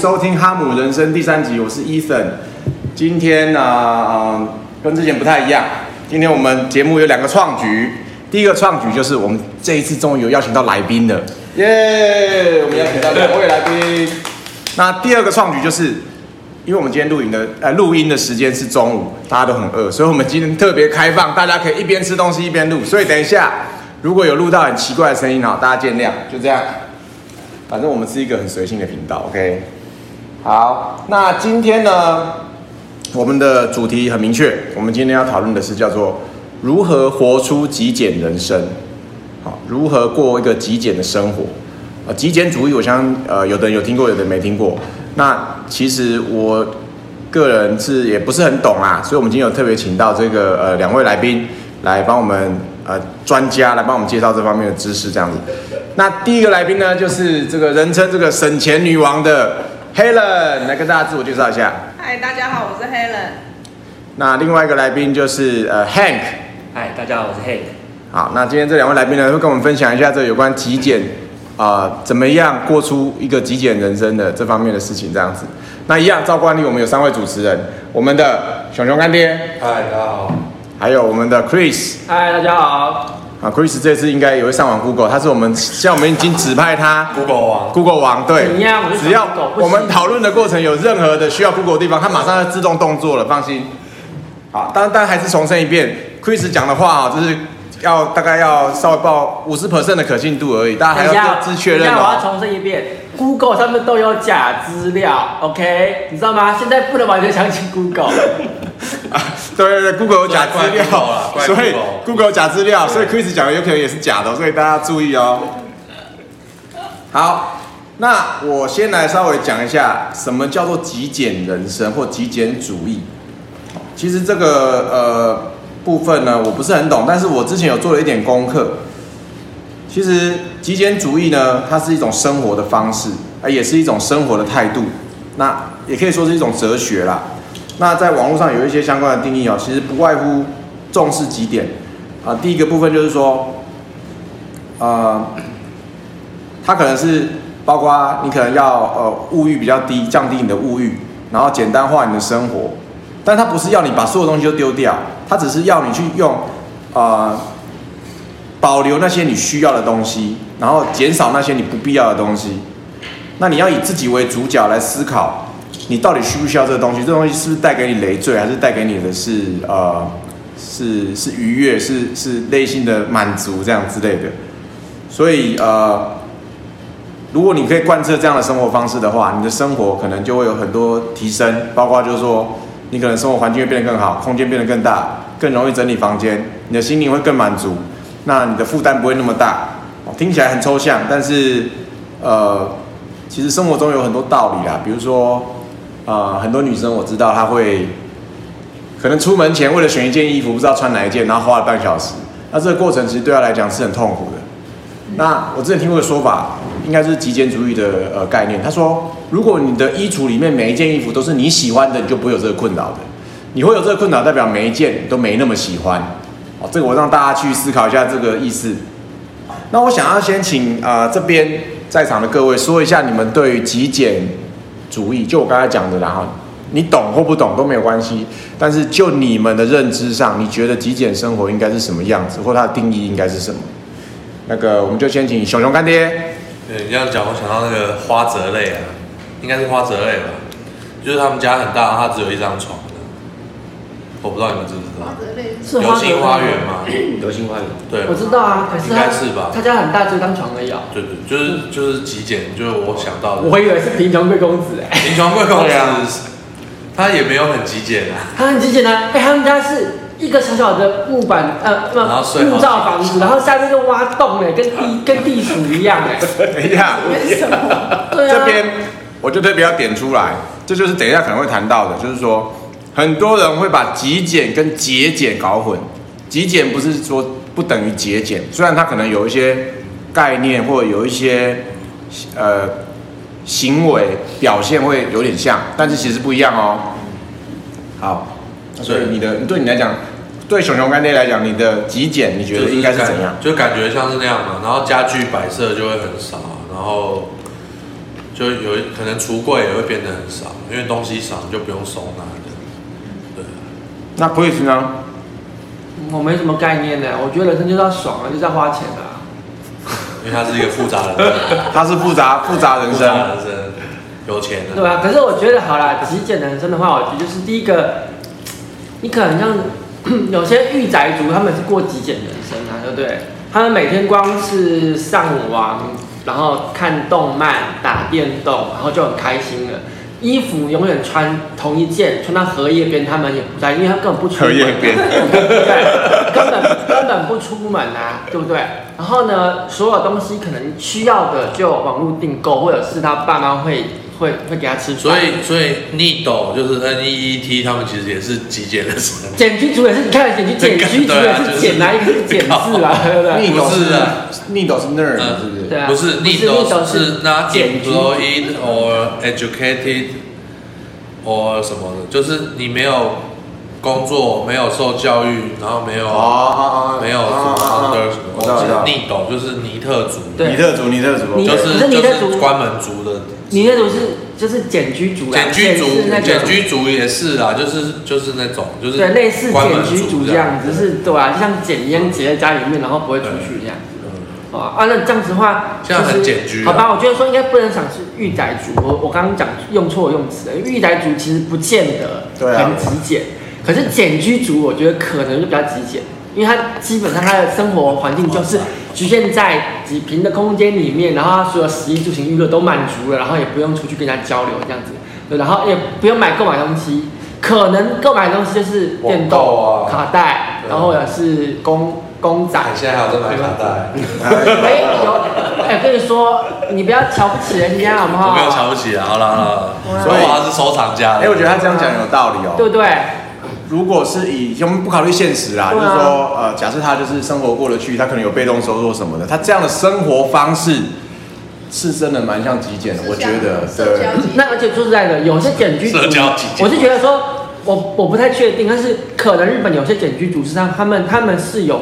收聽《哈姆人生》第三集，我是 Ethan。今天呢、呃呃，跟之前不太一樣。今天我們節目有兩個創舉。第一個創舉就是我們這一次終於有邀請到來賓了，耶、yeah！我們邀請到兩位來賓。那第二個創舉就是，因為我們今天錄影的呃錄音的時間是中午，大家都很餓，所以我們今天特別開放，大家可以一邊吃東西一邊錄。所以等一下如果有錄到很奇怪的聲音哦，大家見諒。就這樣，反正我們是一個很隨性的頻道，OK。好，那今天呢，我們的主題很明確，我們今天要討論的是叫做如何活出極簡人生，好，如何過一個極簡的生活啊？極簡主義我，我相信呃，有的人有聽過，有的人沒聽過。那其實我個人是也不是很懂啦、啊，所以我們今天有特別請到這個呃兩位來賓來幫我們呃專家來幫我們介紹這方面的知識，這樣子。那第一個來賓呢，就是這個人稱這個省錢女王的。Helen，來跟大家自我介紹一下。嗨，大家好，我是 Helen。那另外一個來賓就是呃，Hank。嗨，大家好，我是 Hank。好，那今天這兩位來賓呢，會跟我們分享一下這有關極簡啊、呃，怎麼樣過出一個極簡人生的這方面的事情這樣子。那一樣照慣例，我們有三位主持人，我們的熊熊乾爹。嗨，Hi, 大家好。還有我們的 Chris。嗨，Hi, 大家好。啊，Chris 這次應該也會上網 Google，他是我們現在我們已經指派他 Google 王、嗯、，Google 王對，要 Google，只要我們討論的過程有任何的需要 Google 的地方，他馬上要自動動作了，放心。好，但然，但還是重申一遍，Chris 講的話啊，就是要大概要稍微報五十 percent 的可信度而已，大家還要自確認、哦。我要重申一遍，Google 他們都有假資料，OK？你知道嗎？現在不能完全相信 Google。 啊，對對對，Google 假資料，怪怪，所以 Google 假資料，所以 Chris 講的有可能也是假的，所以大家注意哦。好，那我先來稍微講一下什麼叫做極簡人生或極簡主義。其實這個呃部分呢，我不是很懂，但是我之前有做了一點功課。其實極簡主義呢，它是一種生活的方式，啊、呃，也是一種生活的態度，那也可以說是一種哲學啦。那在網絡上有一些相關的定義哦，其實不外乎重視幾點啊、呃。第一個部分就是說，啊、呃，它可能是包括你可能要呃物欲比較低，降低你的物欲，然後簡單化你的生活。但它不是要你把所有東西都丟掉，它只是要你去用啊、呃、保留那些你需要的東西，然後減少那些你不必要的東西。那你要以自己為主角來思考。你到底需不需要這個東西？這東西是不是帶給你累贅，還是帶給你的是呃，是是愉悅，是是內心的滿足這樣之類的？所以呃，如果你可以貫徹這樣的生活方式的話，你的生活可能就會有很多提升，包括就是說，你可能生活環境會變得更好，空間變得更大，更容易整理房間，你的心靈會更滿足，那你的負擔不會那麼大。聽起來很抽象，但是呃，其實生活中有很多道理啦，比如說。啊、呃，很多女生我知道，她會可能出門前為了選一件衣服，不知道穿哪一件，然後花了半小時。那這個過程其實對她來講是很痛苦的。那我之前聽過一個說法，應該是極簡主義的呃概念。他說，如果你的衣櫥裡面每一件衣服都是你喜歡的，你就不會有這個困擾的。你會有這個困擾，代表每一件都沒那麼喜歡。哦，這個我讓大家去思考一下這個意思。那我想要先請啊、呃、這邊在場的各位說一下你們對於極簡。主意，就我剛才講的，然後你懂或不懂都沒有關係，但是就你們的認知上，你覺得極簡生活應該是什麼樣子，或它的定義應該是什麼？那個我們就先請熊熊乾爹。對，你要講，我想到那個花澤類啊，應該是花澤類吧？就是他們家很大，他只有一張床。我不知道你們知不知道，流星花園嗎？流星花園， 對，我知道啊，可是應該是吧？他家很大，就當床的要。對對，就是、嗯、就是極、就是、簡，就是我想到的。我以為是貧窮貴公、欸、公子，貧窮貴公子，他也沒有很極簡啊。他很極簡的、啊，哎、欸，他們家是一個小小的木板，呃，木木造房子，然後下面就挖洞、欸，哎，跟地 跟地鼠一樣、欸，哎，一樣，為什麼，對、啊。這邊我就特別要點出來，這就是等一下可能會談到的，就是說。很多人會把極簡跟節儉搞混，極簡不是說不等於節儉，雖然它可能有一些概念或者有一些呃行為表現會有點像，但是其實不一樣哦。好，所以，所以你的對你來講，對熊熊乾爹來講，你的極簡你覺得應該是怎樣？就是，就感覺像是那樣嘛，然後家具擺設就會很少，然後就有可能櫥櫃也會變得很少，因為東西少就不用收納。那不會窮啊！我沒什麼概念呢，我覺得人生就是要爽啊，就是要花錢的啊。因為他是一個複雜人， 他是複雜複雜、啊、複雜人生，有錢的。對啊，可是我覺得好啦，極簡人生的話，我覺得就是第一個，你可能像有些御宅族，他們是過極簡人生啊，對不對？他們每天光是上網啊，然後看動漫、打電動，然後就很開心了。衣服永遠穿同一件，穿到荷葉邊，他們也不在，因為他根本不出門，荷葉邊， 根本根本不出門吶、啊，對不對？然後呢，所有東西可能需要的就網絡訂購，或者是他爸媽會。會會給他吃所，所以所以 need 就是 N E E T，他們其實也是極簡的什麼？簡居族也是你看簡居簡居族也是簡哪一個是簡字啊？ 不是,不是啊，need 是 nerd、嗯、是不是？對啊，不是 need 是簡 or educated 或什麼的，就是你沒有工作，沒有受教育，然後沒有、oh, 沒有什麼 u n d 我知道知道 need 就是尼特族，尼特族尼特族，就是特就是關門族的。你那種是就是簡居族啊，簡居族是那種族簡居族也是啊，就是就是那種就是對類似簡居族這樣子，子，是對啊，就像簡一樣，結、嗯、在家裡面，然後不會出去這樣。子。嗯、啊那這樣子的話，就是、這樣很簡居、啊。好吧，我覺得說應該不能想是御宅族，我我剛剛講用錯用詞了。御宅族其實不見得很極簡、啊，可是簡居族我覺得可能就比較極簡，因為他基本上他的生活環境就是。局限在幾平的空間裡面，然後他所有食衣住行娛樂都滿足了，然後也不用出去跟人家交流這樣子，然後也不用買購買東西，可能購買的東西就是電動、啊，卡帶，然後也是公公仔，現在還有在買卡帶，哎，哎、 欸，跟你、欸、說，你不要瞧不起人家好不好？你不要瞧不起啊，好、啊、了、啊，所以我他是收藏家，哎、欸，我覺得他這樣講有道理哦，啊、對不對？如果是以我們不考慮現實啦，就是說，呃，假設他就是生活過得去，他可能有被動收入什麼的，他這樣的生活方式是真的蠻像極簡的，我覺得。是是對、嗯，那而且說實在的，有些繭居，我是覺得說，我我不太確定，但是可能日本有些繭居組織上，他們、嗯、他們是有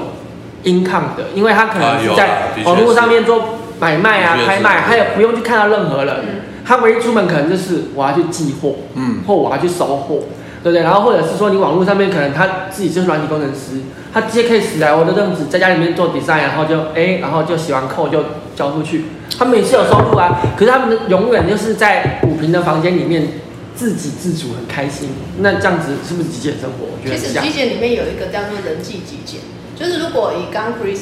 income 的，因為他可能是在網絡上面做買賣啊、嗯、拍賣，還有不用去看到任何人、嗯，他唯一出門可能就是我要去寄貨，嗯，或我要去收貨。對不對？然後或者是說，你網絡上面可能他自己就是軟體工程師，他接 case 啊，或者這樣子，在家裡面做 design，然後就哎，然後就寫完 code 就交出去，他們也是有收入啊。可是他們永遠就是在五平的房間裡面自給自足，很開心。那這樣子是不是極簡生活？我覺得其實極簡裡面有一個叫做人際極簡，就是如果以剛 Chris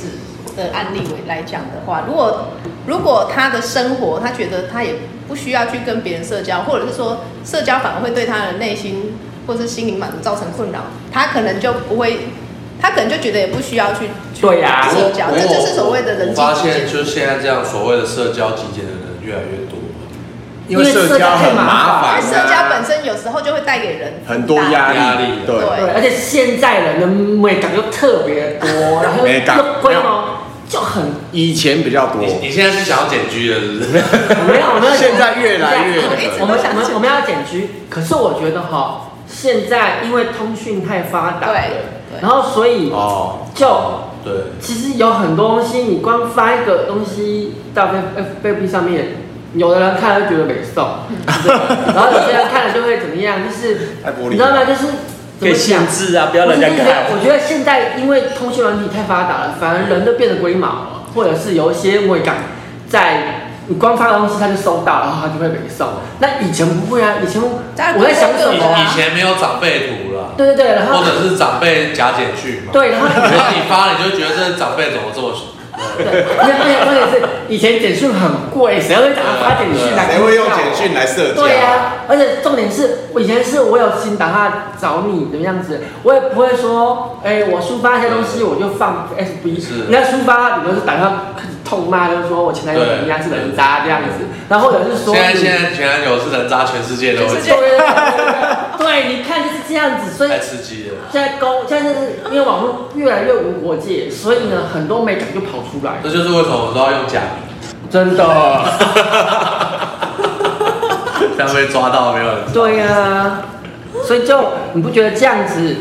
的案例為來講的話，如果如果他的生活，他覺得他也不需要去跟別人社交，或者是說社交反而會對他的內心。或者是心靈滿足造成困擾，他可能就不會，他可能就覺得也不需要去對呀社交、啊，這就是所謂的人際，際，際。發現就是現在這樣所謂的社交極簡的人越來越多，因為社交很麻煩、啊。而社交本身有時候就會帶給人很多壓力、啊對，對，對。而且現在人的美感又特別多沒，然後又貴就很以前比較多，你，你現在是想要減居的是不是？沒有，我們現在越來越、 欸、我們想我們我們要減居， 可是我覺得哈、哦。現在因為通訊太發達了，對對然後所以就，其實有很多東西，你光發一個東西到 F F B 上面，有的人看了會覺得美頌， 然後有些人看了就會怎麼樣，就是你知道嗎？就是被限制啊，不要人家看、啊。我覺得現在因為通訊軟體太發達了，反而人都變得龜毛，了、嗯，或者是有一些也感在。你光發東西，他就收到，然後他就會給你送。那以前不會啊，以前我在想什麼、啊？以前沒有長輩圖了，對對對然後，或者是長輩假簡訊嘛。對，然後 你發，了你就覺得這是長輩怎麼這麼熟？關鍵關鍵是以前簡訊很貴，誰會打發簡訊、啊？誰會用簡訊來社交？對啊，而且重點是，我以前是我有心打他找你，怎麼樣子，我也不會說，哎、欸，我抒發一些東西，我就放 S B。是，那抒發，比如是打他。痛罵就是說我前男友人家是人渣這樣子，然後有人是說、就是、現在現在前男友是人渣，全世界都對， 對，你看就是這樣子，所以太刺激了現在高現在就是因為網絡越來越無國界，所以呢 很多媒體就跑出來，這就是為什麼我都要用假名，真的，這 樣 被抓到沒有人？對啊，所以就你不覺得這樣子？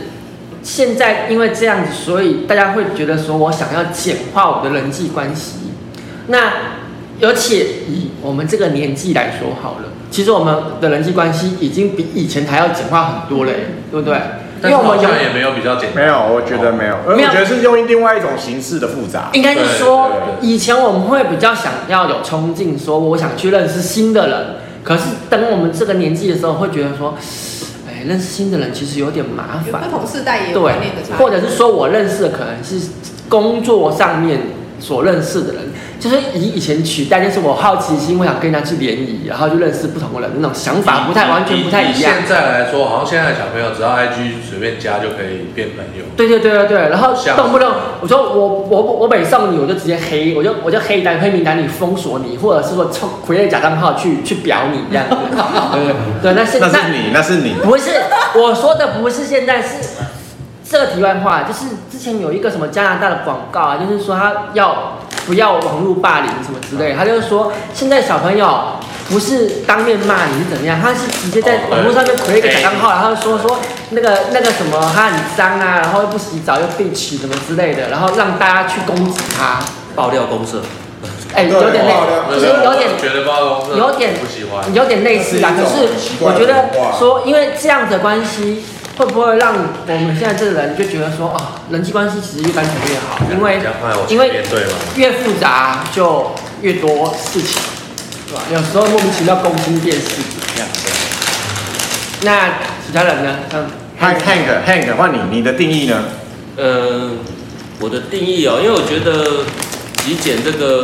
現在因為這樣子，所以大家會覺得說我想要簡化我的人際關係。那，尤其以我們這個年紀來說好了，其實我們的人際關係已經比以前還要簡化很多嘞、嗯，對不對？因為但是我們有也沒有比較簡，沒有，我覺得沒有，而我，我覺得是用另外一種形式的複雜。應該是說，以前我們會比較想要有衝勁，說我想去認識新的人。可是等我們這個年紀的時候，會覺得說，哎，認識新的人其實有點麻煩。不、呃、同世代也有對，或者是說我認識的可能是工作上面所認識的人。就是以以前取代，就是我好奇心，我想跟人家去聯誼，然後就認識不同的人那種想法，不太完全不太一樣。以現在來說，好像現在的小朋友只要 IG 隨便加就可以變朋友。對對對對，然後動不動我說我我我美少你，我就直接黑，我就我就黑名單、黑名單裡封鎖你，或者是說抽回一假賬號去去表你這樣對對，對，對，對對，那現在是你，那是你，不是我說的，不是現在是這個題外話，就是之前有一個什麼加拿大的廣告啊，就是說他要。不要網絡霸凌什麼之類的，嗯，他就說現在小朋友不是當面罵你是怎樣，他是直接在網絡上面開一個假賬號、哦，然後他就說說那個那個什麼他很髒啊，然後又不洗澡又被起什麼之類的，然後讓大家去攻擊他，爆料公社，哎，有點累，其實有點，有點有公，有點，有點類似啊。是可是我覺得說因為這樣子的關係。會不會讓我們現在這個人就覺得說啊、哦，人際關係其實越單純越好，好，因為因為越複雜就越多事情，是吧、啊？有時候莫名其妙攻心變事，這樣。那其他人呢？Hank Hank Hank 換你，你的定義呢？呃，我的定義哦、喔，因為我覺得極簡這個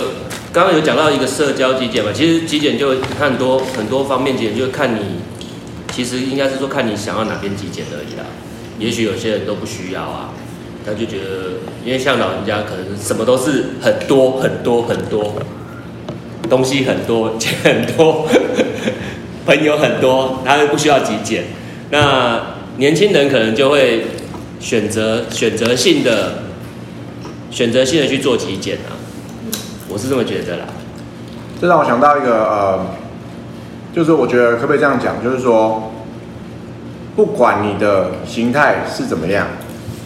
剛剛有講到一個社交極簡嘛，其實極簡就看很多很多方面，極簡就看你。其實應該是說看你想要哪邊極簡而已啦，也許有些人都不需要啊，他就覺得，因為像老人家可能什麼都是很多很多很多，東西很多，錢很多，呵呵朋友很多，他們不需要極簡。那年輕人可能就會選擇、選擇性的選擇性的去做極簡啊，我是這麼覺得啦。這讓我想到一個呃。就是我覺得可不可以這樣講？就是說，不管你的形態是怎麼樣，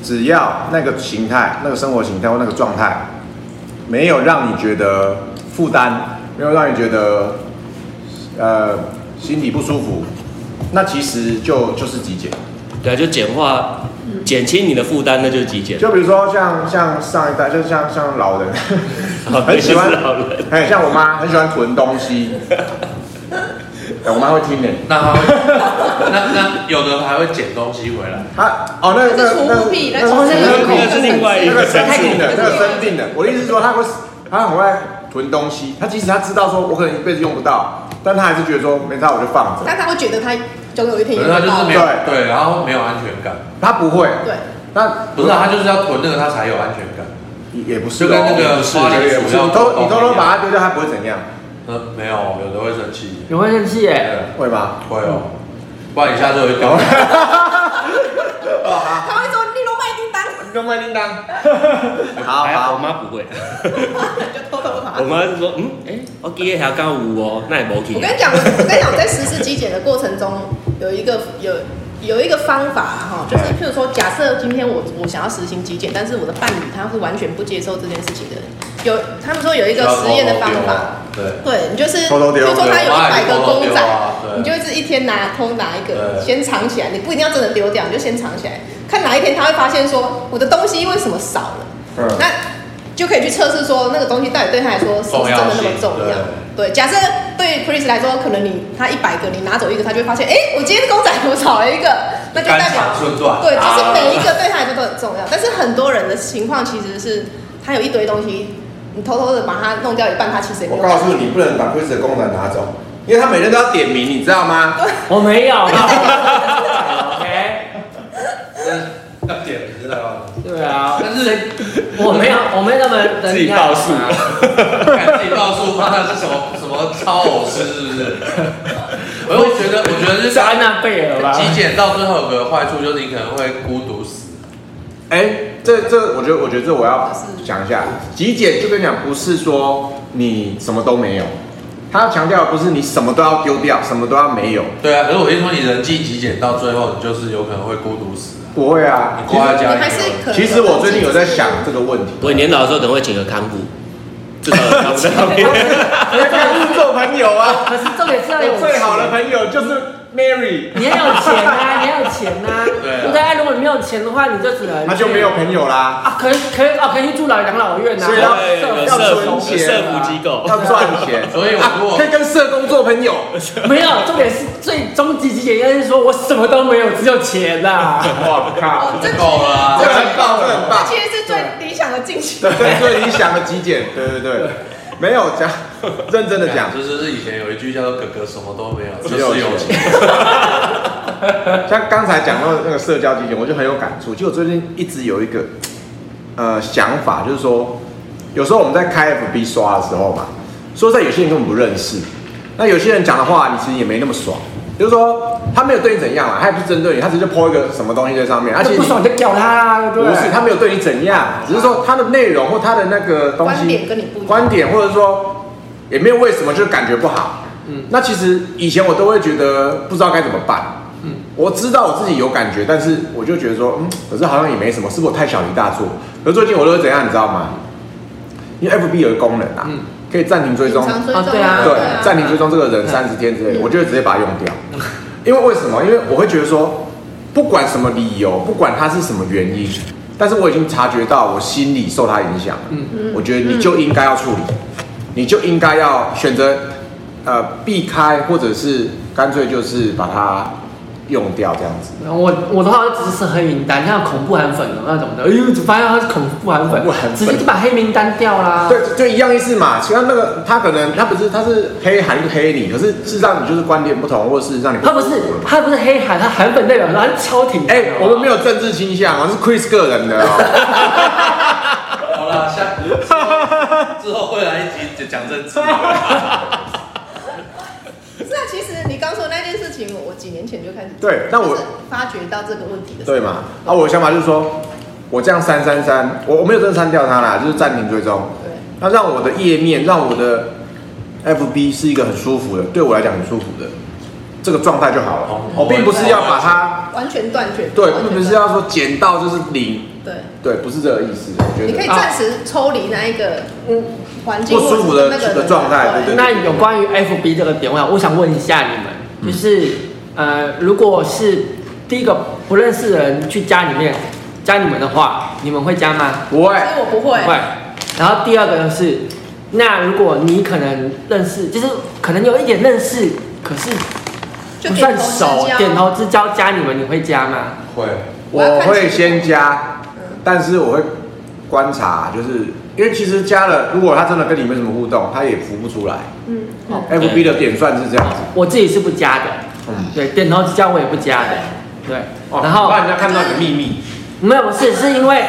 只要那個形態、那個生活形態或那個狀態，沒有讓你覺得負擔，沒有讓你覺得呃心裡不舒服，那其實就就是極簡。對啊，就簡化、減輕你的負擔，那就是極簡。就比如說像像上一代，就像像老人，很喜歡老人，哎，像我媽很喜歡囤東西。 我媽會聽的，那她會， 那那，那，那有的還會撿東西回來。哦、啊喔 neibei...，那個那個那個是另外一個是生病的，那個生病的。就是那個、生病的。我的意思是說，她會她很會囤東西，她即使她知道說我可能一輩子用不到，但她還是覺得說沒差，我就放着。但她會覺得她，總有一天用到對對。對，然後沒有安全感。她不會。對。那不是她就是要囤那個，她才有安全感。也不是。就跟那個八零五，你偷你偷偷把它丟掉，她不會怎樣。呃，沒有，有的會生氣。你會生氣耶、欸？會嗎？會哦、嗯，不然你下次就有一條了、 啊。他會說：“你都賣叮當，你都賣叮當。 欸”好好，我媽不會。 就偷偷跑就。我媽說：“嗯，哎、欸，我今天還剛舞哦，那也冇去、啊。”我跟你講，我跟你講，在實施極簡的過程中，有一個有。有一個方法哈，就是譬如說，假設今天我我想要實行極簡，但是我的伴侶他是完全不接受這件事情的人。有他們說有一個實驗的方法，偷偷丟啊、對，對你就是偷偷丟，譬如說他有一百個公仔，偷偷丟啊、你就是一天拿偷拿一個，先藏起來，你不一定要真的丟掉，你就先藏起來，看哪一天他會發現說我的東西為什麼少了，嗯、那就可以去測試說那個東西到底對他來說是不是真的那麼重要。對，假設對於 Chris 來說，可能你他一百個，你拿走一個，他就會發現，哎，我今天公仔我少、那個就是、了一個，那就代表。對，就是每一個對他來說都很重要。但是很多人的情況其實是，他有一堆東西，你偷偷的把它弄掉一半，他其實。我告訴你，不能把 Chris 的公仔拿走，因為他每天都要點名，你知道嗎？我沒有。嗯 嗯、OK。要點名了哦。對啊，但是。我沒有，我沒那麼。啊、自己告訴、啊。哈哈哈哈哈！趕是什麼什麼超偶，是不是？我又覺得，我覺得這是安娜貝爾吧。極簡到最後有個壞處，就是你可能會孤獨死。哎，這這，我覺得，我覺得這我要講一下。極簡就跟你講，不是說你什麼都沒有，他要強調的不是你什麼都要丟掉，什麼都要沒有。對啊，而且我一說，你人際極簡到最後，你就是有可能會孤獨死、啊。不會啊，你掛在家，其實我最近有在想這個問題。我年老的時候，等會請個看護，做朋友啊。可是重點是要有， 是是要有最好的朋友就是。Mary，你要有錢啊， 你要有錢啊 對啊， 如果你沒有錢的話，你就只能……那就沒有朋友啦。啊，可以，可以哦、啊，可以、啊、去住老養老院啊。所以要要，要，要存錢、啊，社福機構要賺錢， 所以、啊、 可以跟社工做朋友。 沒有，重點是最終極極簡，應該是說我什麼都沒有，只有錢吶、啊。 哇靠！真、哦、棒，真棒，這其實是最理想的境界，對，最理想的極簡，對對對。對對對沒有講，認真的講，就是以前有一句叫做“哥哥什麼都沒有，只有友情”就是錢。 像剛才講到那個社交經驗，我就很有感觸。其實我最近一直有一個呃想法，就是說，有時候我們在開 FB 刷的時候嘛，說在有些人根本不認識，那有些人講的話，你其實也沒那麼爽，就是說。他沒有對你怎樣啦，他也不是針對你，他直接潑一個什麼東西在上面，而、啊、且不爽你就咬他啦、啊，對不對？不是，他沒有對你怎樣，只是說他的內容或他的那個東西，觀點跟你不同，或者說也沒有為什麼，就是感覺不好。嗯，那其實以前我都會覺得不知道該怎麼辦、嗯。我知道我自己有感覺，但是我就覺得說，嗯，可是好像也沒什麼，是不是我太小題大做？可是最近我都會怎樣，你知道嗎？因為 FB 有一個功能啊，可以暫停追蹤、嗯啊、對啊，對，暫、啊、停追蹤這個人三十天之內我就直接把它用掉。嗯因為為什麼？因為我會覺得說，不管什麼理由，不管他是什麼原因，但是我已經察覺到我心裡受他影響、嗯。我覺得你就應該要處理、嗯，你就應該要選擇，呃，避開，或者是乾脆就是把它。用掉這樣子，我我的話只是黑名單，像有恐怖韓粉的，那種的，哎呦，發現他是恐怖韓粉，粉，直接就把黑名單掉啦。對，就，就一樣意思嘛。其他那個他可能他不是，他，不是他是黑韓黑你，可是事實上你就是觀點不同，或者是讓你不同，他不是他不是黑韓，他韓粉代表他是超挺的、啊。哎、欸，我們沒有政治傾向，我是 Chris 個人的、哦。 好了，下次之後會來一集講政治。 我幾年前就開始對，那我、就是、發覺到這個問題的時候，對嘛對？啊，我的想法就是說，我這樣刪刪刪，我我沒有真的刪掉它啦，就是暫停追蹤。對，那、啊、讓我的頁面，讓我的 FB 是一個很舒服的，對我來講很舒服的這個狀態就好了、嗯。我並不是要把它完全斷絕。對，並不是要說減到就是零。對對，不是這個意思。我覺得你可以暫時抽離、啊、那一個環境個不舒服的的狀態。對對，對，對。那有關於 FB 這個點，我想我想問一下你們。就是，呃，如果是第一個不認識的人去加裡面加你們的話，你們會加嗎？不會，我不會。會。然後第二個就是，那如果你可能認識，就是可能有一點認識，可是不算熟，點頭之交加你們，你會加嗎？會，我會先加，嗯，但是我會觀察，就是。因為其實加了，如果他真的跟你沒什麼互動，他也浮不出來。嗯，嗯，F B 的點讚，是這樣子。我自己是不加的。嗯，對，點頭之交我也不加的。對。然後怕人家看到你的秘密。沒有，是是因為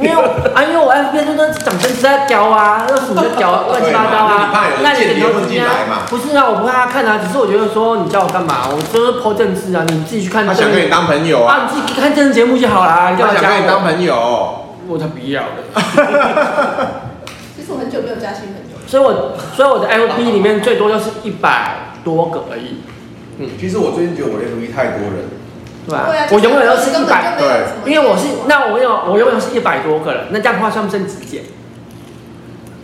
因為 啊，因為我 F B 就在講政治在叼啊，又是你的交，亂七八糟啊。你那你點頭進來嘛？不是啊，我不怕他看啊，只是我覺得說你叫我幹嘛？我就是 po 政治啊，你自己去看。他想跟你當朋友啊，啊。你自己看政治節目就好啦。我我他想跟你當朋友。我他不要的。其實我很久沒有加薪很久。所以我所以我的 LP 裡面最多就是一百多個而已。嗯，其實我最近覺得我 F B 太多人，對吧、啊？我永遠都是一百對，因為我是那我有我永遠是一百多個人。那這樣的話算不算極簡？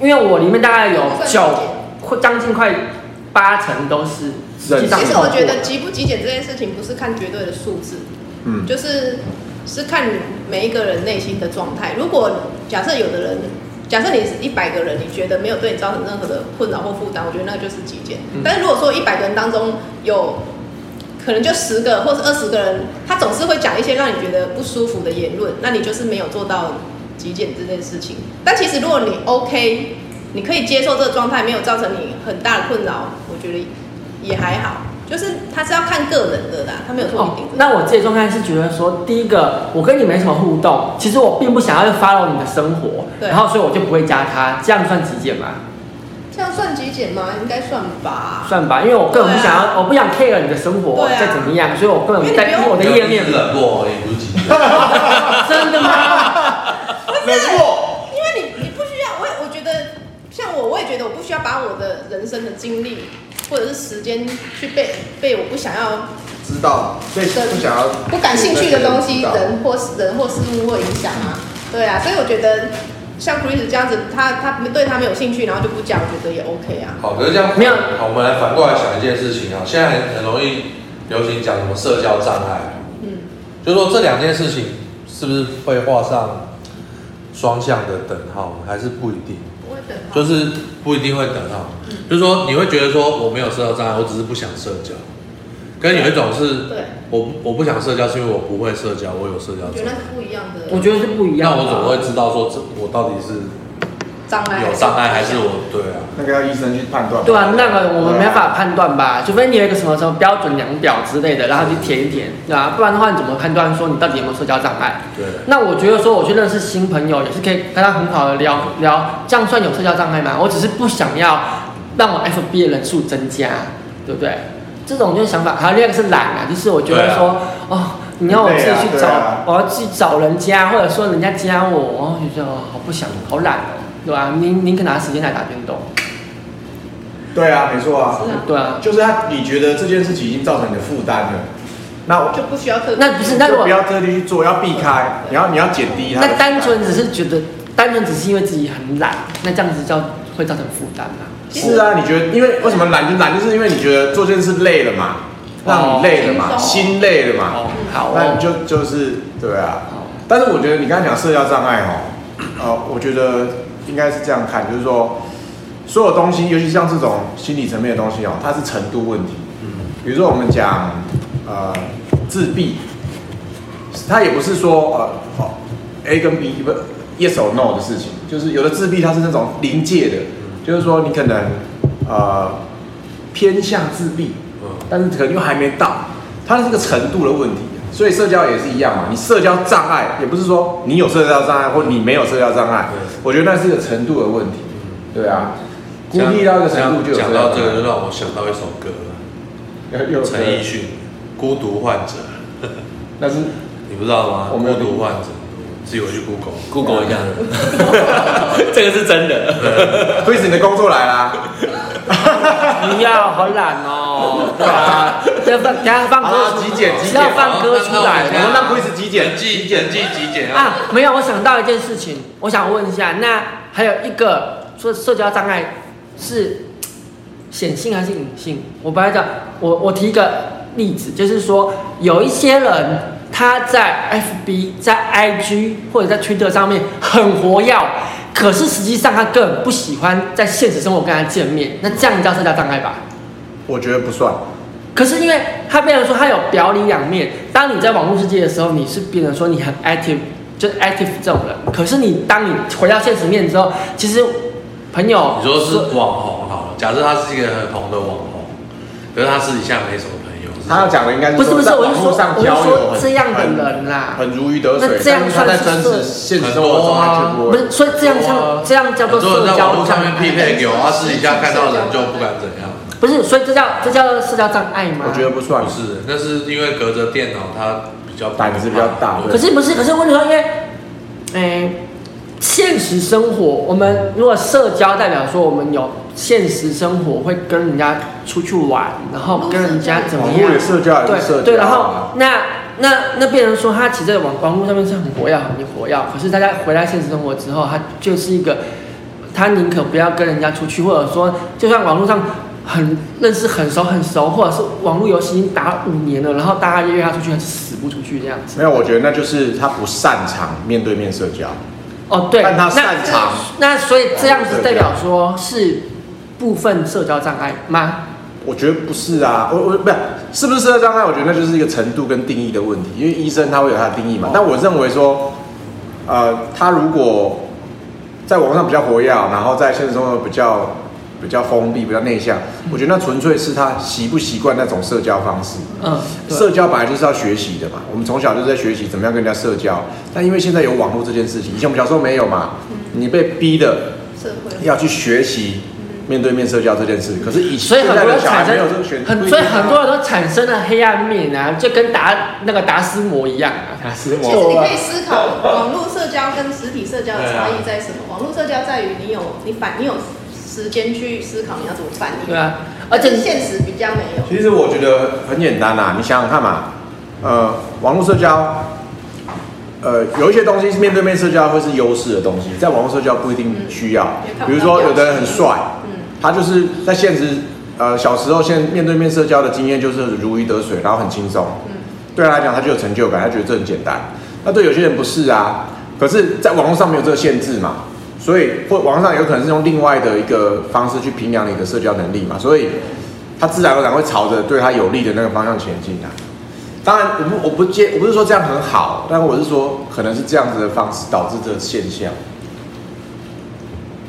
因為我裡面大概有九，將近快八成都是。嗯，其實我覺得極不極簡這件事情不是看絕對的數字，嗯，就是。是看每一個人內心的狀態。如果假設有的人，假設你是一百個人，你覺得沒有對你造成任何的困擾或負擔，我覺得那就是極簡。但是如果說一百個人當中有，可能就十個或是二十個人，他總是會講一些讓你覺得不舒服的言論，那你就是沒有做到極簡這件事情。但其實如果你 OK，你可以接受這個狀態，沒有造成你很大的困擾，我覺得也還好。就是他是要看個人的啦，他沒有固定的、哦。那我自己狀態是覺得說，第一個我跟你沒什麼互動，其實我並不想要去 follow 你的生活，然後所以我就不會加他，這樣算極簡嗎？這樣算極簡嗎？應該算吧。算吧，因為我根本不想要、啊，我不想 care 你的生活、啊、再怎麼樣，所以我根本不在意我的頁面冷落，了 真的嗎？沒錯， 因為你你不需要，我也我覺得像我，我也覺得我不需要把我的人生的經歷。或者是時間去被被我不想要知道，不想要不感興趣的東西，人或人或事物會影響啊。對啊，所以我覺得像 Chris 這樣子，他他對他沒有興趣，然後就不講，我覺得也 OK 啊。好，可是這樣，沒有。好，我們來反過來想一件事情啊，現在很容易流行講什麼社交障礙，嗯，就是說這兩件事情是不是會畫上雙向的等號，還是不一定？就是不一定會得到、嗯，就是說你會覺得說我沒有社交障礙，我只是不想社交，跟有一種是，對，我我不想社交是因為我不會社交，我有社交障礙，我覺得是不一樣的，我覺得是不一樣，那我怎麼會知道說這我到底是？障有障礙還是我對啊？那個要醫生去判斷。對啊，那個、啊啊、那我們沒辦法判斷吧？除非你有一個什麼什麼標準量表之類的，然後去填一填，對吧、啊、不然的話你怎麼判斷說你到底有沒有社交障礙？對。那我覺得說我去認識新朋友也是可以跟他很好的聊聊，這樣算有社交障礙嗎？我只是不想要讓我 FB 的人數增加，對不對？這種就是想法。還有另外一個是懶啊，就是我覺得說哦、啊喔，你要我自己去找、啊啊，我要自己找人家，或者說人家加我，哦、喔，就覺得好不想，好懶對啊，您寧可拿時間來打電動。對啊，沒錯啊，對啊，就是他。你覺得這件事情已經造成你的負擔了，那我我就不需要特那不是那我不要特地去做，要避開，你要你要減低它。那單純只是覺得，單純只是因為自己很懶，那這樣子造會造成負擔嗎？是啊，你覺得？因為為什麼懶就懶，就是因為你覺得做件事累了嘛，讓你累了嘛，哦、心累了嘛。哦、好、哦，那你就就是對啊好。但是我覺得你剛才講社交障礙哦、呃，我覺得。應該是這樣看，就是說，所有東西，尤其像這種心理層面的東西哦，它是程度問題。嗯。比如說，我們講呃自閉，它也不是說呃哦 A 跟 B 不是 Yes or No 的事情，就是有的自閉它是那種臨界的，就是說你可能呃偏向自閉，嗯，但是可能又還沒到，它是這個程度的問題。所以社交也是一樣嘛，你社交障礙也不是說你有社交障礙或你沒有社交障礙，我覺得那是一個程度的問題，對啊，孤立到一個程度就有講到這個就讓我想到一首歌，陳奕迅《孤獨患者》，但是你不知道嗎？我孤獨患者只有去 Google Google 一下的， 這個是真的，開始 你的工作來啦、啊，你要好懶哦。哦，對啊， 等放等下放歌啊，極簡極簡，要放歌出來，我那不則是極簡，極極極極簡啊！沒有，我想到一件事情，我想問一下，那還有一個說社交障礙是顯性還是隱性？我不來講，我我提一個例子，就是說有一些人他在 FB、在 IG 或者在 Twitter 上面很活躍，可是實際上他根本不喜歡在現實生活跟他見面，那這樣叫社交障礙吧？我覺得不算，可是因為他變成說他有表裡兩面。當你在網絡世界的時候，你是變成說你很 active，就是 active 這種人。可是你當你回到現實面之後，其實朋友說你說是網紅好了，假設他是一個很紅的網紅，可是他私底下沒什麼朋友。他要講的應該不是不是，我一說，我交友這樣的人啦，很，很如魚得水，這樣算是，是在很多，哦啊不是。所以這樣叫、哦啊、這樣叫做社交。只有、嗯、在網絡上面匹配有，我、啊，他私底下看到的人就不敢怎樣。不是，所以這叫這叫社交障礙嗎？我覺得不算是，那、嗯、是因為隔着電腦，它比較膽子比較大。可是，是不是，可是問題是我跟你說，因為誒，現實生活，我們如果社交代表說我們有現實生活會跟人家出去玩，然後跟人家怎麼樣？對，也社交，社交對對，然後那那那變成說他其實網絡上面是很活躍很活躍，可是大家回來現實生活之後，他就是一個，他寧可不要跟人家出去，或者說就算網絡上。很認識很熟很熟，或者是網絡遊戲已經打了五年了，然後大家約他出去，死不出去這樣子。沒有，我覺得那就是他不擅長面對面社交。哦，對，但他擅長。那，那，那所以這樣子代表說是部分社交障礙嗎？我覺得不是啊，我我不是，是不是社交障礙？我覺得那就是一個程度跟定義的問題，因為醫生他會有他的定義嘛。哦，但我認為說，呃，他如果在網上比較活躍，然後在現實中的比較。比較封閉，比較內向、嗯，我覺得那純粹是他習不習慣那種社交方式。嗯、啊、社交本來就是要學習的嘛，我們從小就在學習怎麼樣跟人家社交。但因為現在有網絡這件事情，以前我們小時候沒有嘛，嗯、你被逼的，社會要去學習面對面社交這件事。可是以前有，所以很多人都產生，所以很多人都產生了黑暗面啊，就跟達那個達斯摩一樣啊。達斯摩、啊、其實你可以思考網絡社交跟實體社交的差異在什麼？啊、網絡社交在於你有你反你有。你反你有時間去思考你要怎麼反應，對啊，而且現實比較沒有。其實我覺得很簡單啊，你想想看嘛，呃，網絡社交，呃，有一些東西是面對面社交會是優勢的東西，在網絡社交不一定需要。嗯、比如說，有的人很帥，嗯，他就是在現實，呃，小時候現面對面社交的經驗就是如魚得水，然後很輕鬆、嗯，對他來講他就有成就感，他覺得這很簡單。那對有些人不是啊，可是在網絡上沒有這個限制嘛。所以或網上有可能是用另外的一個方式去評量你的社交能力嘛，所以他自然而然會朝着對他有利的那個方向前進啊。當然我，我不我不接，我不是說這樣很好，但我是說可能是這樣子的方式導致這個現象。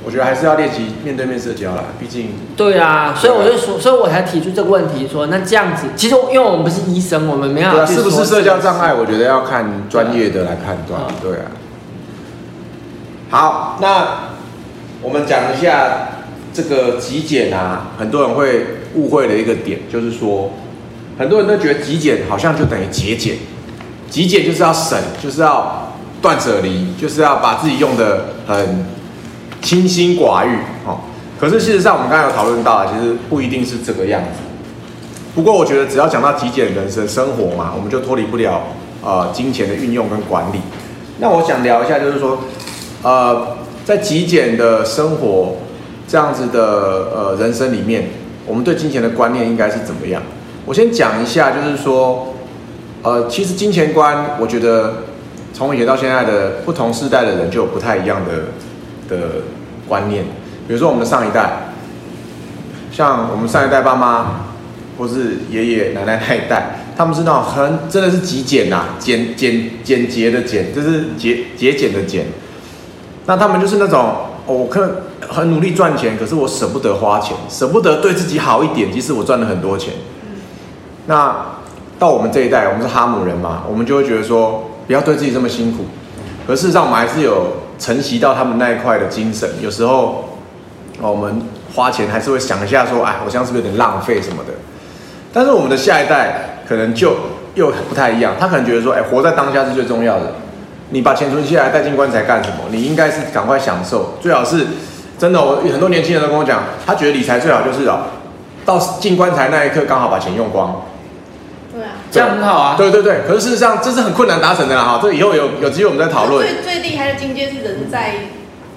我覺得還是要練習面對面社交啦，畢竟對啊。所以我就說，所以我才提出這個問題說，說那這樣子，其實因為我們不是醫生，我們沒有辦法，對啊。是不是社交障礙，我覺得要看專業的來判斷，對啊。好，那我們講一下這個極簡啊，很多人會誤會的一個點，就是說，很多人都覺得極簡好像就等於節儉，極簡就是要省，就是要斷捨離，就是要把自己用得很清心寡慾，哦。可是事實上，我們剛才有討論到，其實不一定是這個樣子。不過，我覺得只要講到極簡人生生活嘛，我們就脫離不了，呃，金錢的運用跟管理。那我想聊一下，就是說。呃，在極簡的生活這樣子的呃人生裡面，我們對金錢的觀念應該是怎麼樣？我先講一下，就是說，呃，其實金錢觀，我覺得從以前到現在的不同世代的人，就有不太一樣的的觀念。比如說我們的上一代，像我們上一代爸媽或是爺爺奶奶那一代，他們是那種很真的是極簡吶、啊，簡簡簡潔的簡，就是節節儉的儉。那他們就是那種，哦、我可很努力賺錢，可是我捨不得花錢，捨不得對自己好一點。即使我賺了很多錢，那到我們這一代，我們是哈姆人嘛，我們就會覺得說，不要對自己這麼辛苦。可是事實上，我們還是有承襲到他們那一塊的精神。有時候、哦，我們花錢還是會想一下說，哎，我這樣是不是有點浪費什麼的？但是我們的下一代可能就又不太一樣，他可能覺得說，哎，活在當下是最重要的。你把錢存起來帶進棺材幹什麼？你應該是趕快享受，最好是真的。我很多年輕人都跟我講，他覺得理財最好就是啊，到進棺材那一刻剛好把錢用光。對啊對，這樣很好啊。對對對，可是事實上這是很困難達成的啦哈。這以後有有機會我們再討論。最最厲害的境界是人在。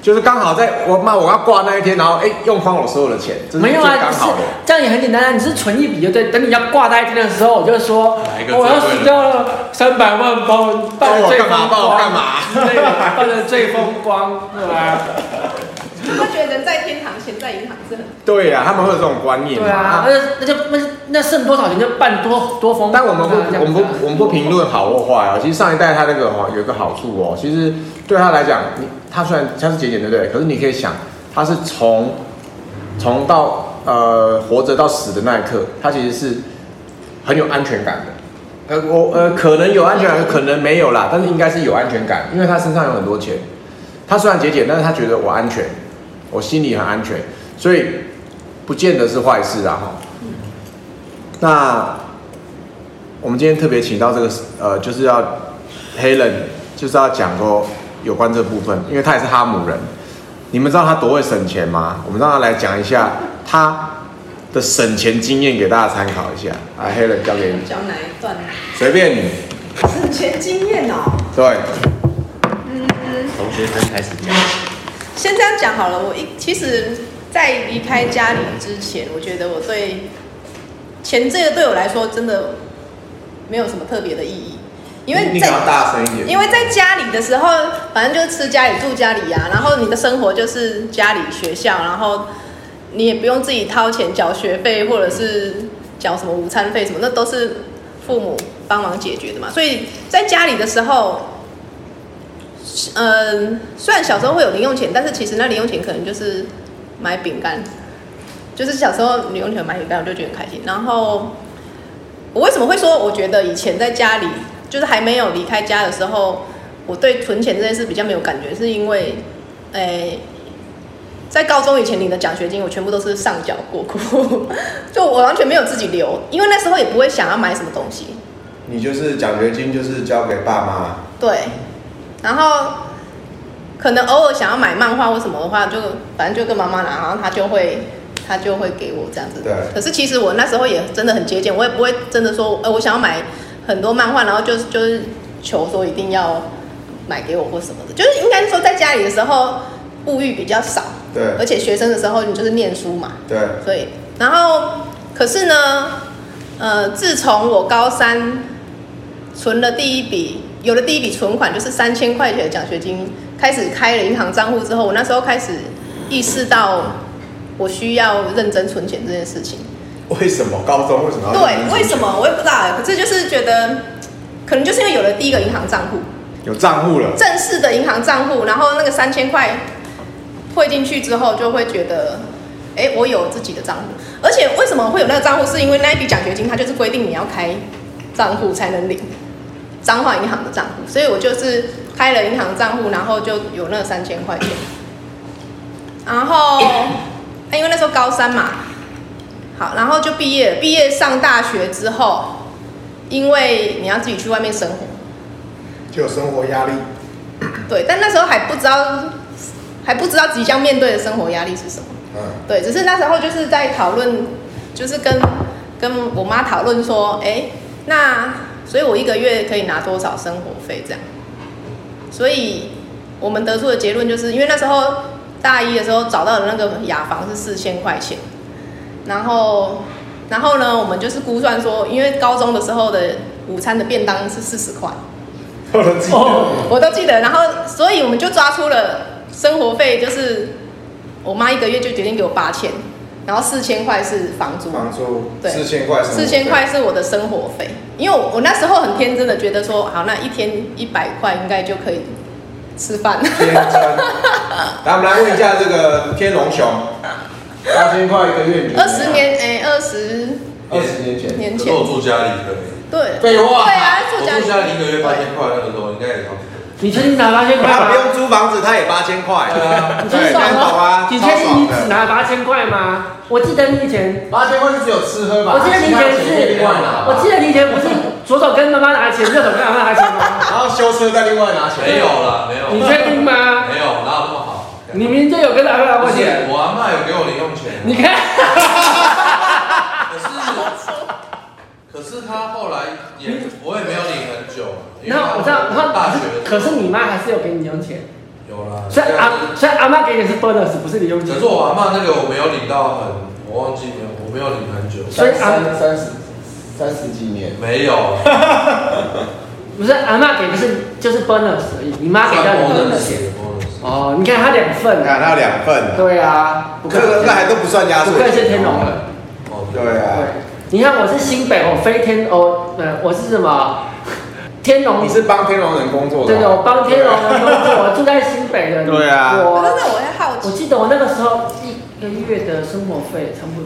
就是剛好在我媽我要掛那一天，然後哎，用光我所有的錢真的，沒有啊，是這樣也很簡單啊，你是存一筆就對，等你要掛那一天的時候，我就說我要死掉了三百萬幫，幫、哎、我幫我幹嘛？幫我幹嘛？幫的最風光 對吧？ 他覺得人在天堂，錢在銀行是很對呀、啊，他們會有這種觀念。對啊，那那就那那剩多少錢就辦多多豐。但我們不、啊、我們不我們不評論好或壞啊、哦。其實上一代他那個有一個好處哦，其實對他來講，你他雖然他是節儉，對不對？可是你可以想，他是從從到呃活着到死的那一刻，他其實是很有安全感的。呃，我呃可能有安全感，可能沒有啦，但是應該是有安全感，因為他身上有很多錢。他雖然節儉，但是他覺得我安全。我心裡很安全，所以不見得是壞事啊！那我們今天特別請到這個呃，就是要 Helen 就是要講說有關這部分，因為他也是哈姆人。你們知道他多會省錢嗎？我們讓他來講一下他的省錢經驗給大家參考一下。啊，Helen 交給你。講哪一段、啊？隨便你。省錢經驗哦。對。嗯嗯，從學生開始講。先這樣講好了。我一其實，在離開家裡之前，我覺得我對錢這個對我來說真的沒有什麼特別的意義，因為你，你大聲一點。因為在家裡的時候，反正就是吃家裡住家裡呀，啊，然後你的生活就是家裡學校，然後你也不用自己掏錢交學費或者是交什麼午餐費什麼，那都是父母幫忙解決的嘛。所以在家裡的時候。嗯，雖然小時候會有零用錢，但是其實那零用錢可能就是買餅乾，就是小時候零用錢買餅乾，我就覺得很開心。然後我為什麼會說我覺得以前在家裡就是還沒有離開家的時候，我對存錢這件事比較沒有感覺，是因為，哎、欸，在高中以前領的獎學金我全部都是上繳國庫，就我完全沒有自己留，因為那時候也不會想要買什麼東西。你就是獎學金就是交給爸媽嗎？對。然後，可能偶爾想要買漫畫或什麼的話，就反正就跟媽媽拿，然後她就會她就會給我這樣子。對。可是其實我那時候也真的很節儉，我也不會真的說，呃，我想要買很多漫畫，然後就是就是求說一定要買給我或什麼的。就是應該是說在家裡的時候，物慾比較少。對。而且學生的時候，你就是念書嘛。對。所以，然後可是呢，呃，自從我高三存了第一筆。有了第一筆存款，就是三千塊錢的獎學金。開始開了銀行賬戶之後，我那時候開始意識到，我需要認真存錢這件事情。為什麼？高中為什麼要？對，為什麼？我也不知道哎。可是就是覺得，可能就是因為有了第一個銀行賬戶，有賬戶了，正式的銀行賬戶。然後那個三千塊匯進去之後，就會覺得，哎、欸，我有自己的賬戶。而且為什麼會有那個賬戶？是因為那筆獎學金，它就是規定你要開賬戶才能領。彰化銀行的賬戶所以我就是開了銀行賬戶然後就有那三千塊錢。然後，因為那時候高三嘛，好，然後就畢業，畢業上大學之後，因為你要自己去外面生活，就有生活壓力。對，但那時候還不知道，還不知道即將面對的生活壓力是什麼。嗯，對，只是那時候就是在討論，就是跟跟我媽討論說，哎、欸，那。所以我一個月可以拿多少生活費？這樣，所以我們得出的結論就是因為那時候大一的時候找到的那個雅房是四千塊錢，然後，然後呢，我們就是估算說，因為高中的時候的午餐的便當是四十塊，我都記得，我都記得，然後，所以我們就抓出了生活費，就是我媽一個月就決定給我八千。然後四千塊是房租，房租，對，四千塊是四千塊是我的生活費，因為我，我那時候很天真的覺得說，好，那一天一百塊應該就可以吃飯了。天真， 來我們來問一下這個天龍熊八 千塊一個月二十、啊、年哎二十二十年前，可是我住家裡，對，廢話、啊，對啊，住家裡，我住家裡一個月八千塊那麼、個、多，應該也夠。你確定拿八千塊嗎？他不用租房子，他也八千塊。對啊 對，現在啊、你曾經拿千幾幾，你只拿八千塊嗎？我記得你以前八千塊是只有吃喝吧？我記得你以前是另外拿。我記得你以前不是左手跟媽媽拿錢， 右手跟媽媽拿錢嗎？ 然後修車再另外拿錢。沒有了，沒有。你確定嗎？沒有，哪有那麼好？你明天有跟媽媽拿過錢？我阿嬤有給我零用錢。你看。 他後來也，我也沒有領很久。然後我知道，他大學，可是你媽還是有給你用錢。有了。雖然，阿所以阿媽給的是 bonus，不是你用錢。可是我阿媽那個我沒有領到很，我忘記了，我沒有領很久。所以三三,三十三十幾年沒有。 不是阿媽給的是就是 bonus 而已，你媽給的 bonus 錢。哦，oh, 你看他兩份，啊。你看他兩份，啊對啊。對啊。不各那還都不算壓歲錢。哦對啊。你看我是新北我飛天哦，呃，我是什麼？天龍。你是幫天龍人工作的。對，我幫天龍人工作。我住在新北的。對啊。我真的，我很好奇。我記得我那個時候一個月的生活費差不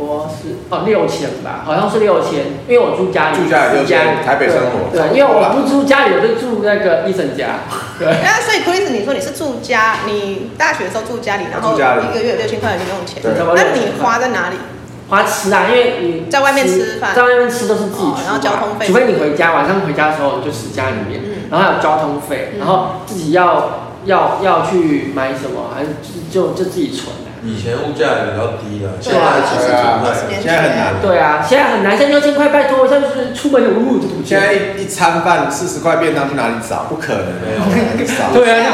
多是哦六千吧，好像是六千，因為我住家裡，住家裡,家裡台北生活對。對，因為我不住家裡，我就住那個醫生家。對那所以 Chris，你說你是住家，你大學的時候住家裡，然後一個月六千塊的零用錢，那你花在哪裡？花吃啊，因為你在外面吃飯，在外面吃都是自己存、啊哦，然後交通費，除非你回家，晚上回家的時候你就吃家裡面、嗯，然後還有交通費，嗯、然後自己要要要去買什麼，還是就就，就自己存。以前物價比較低了，六千塊，現在很難啊。對啊，現在很難啊，像六千塊，拜託，像是出門有路，現在一一餐飯四十塊便當去哪裡找？不可能的，你傻？對啊，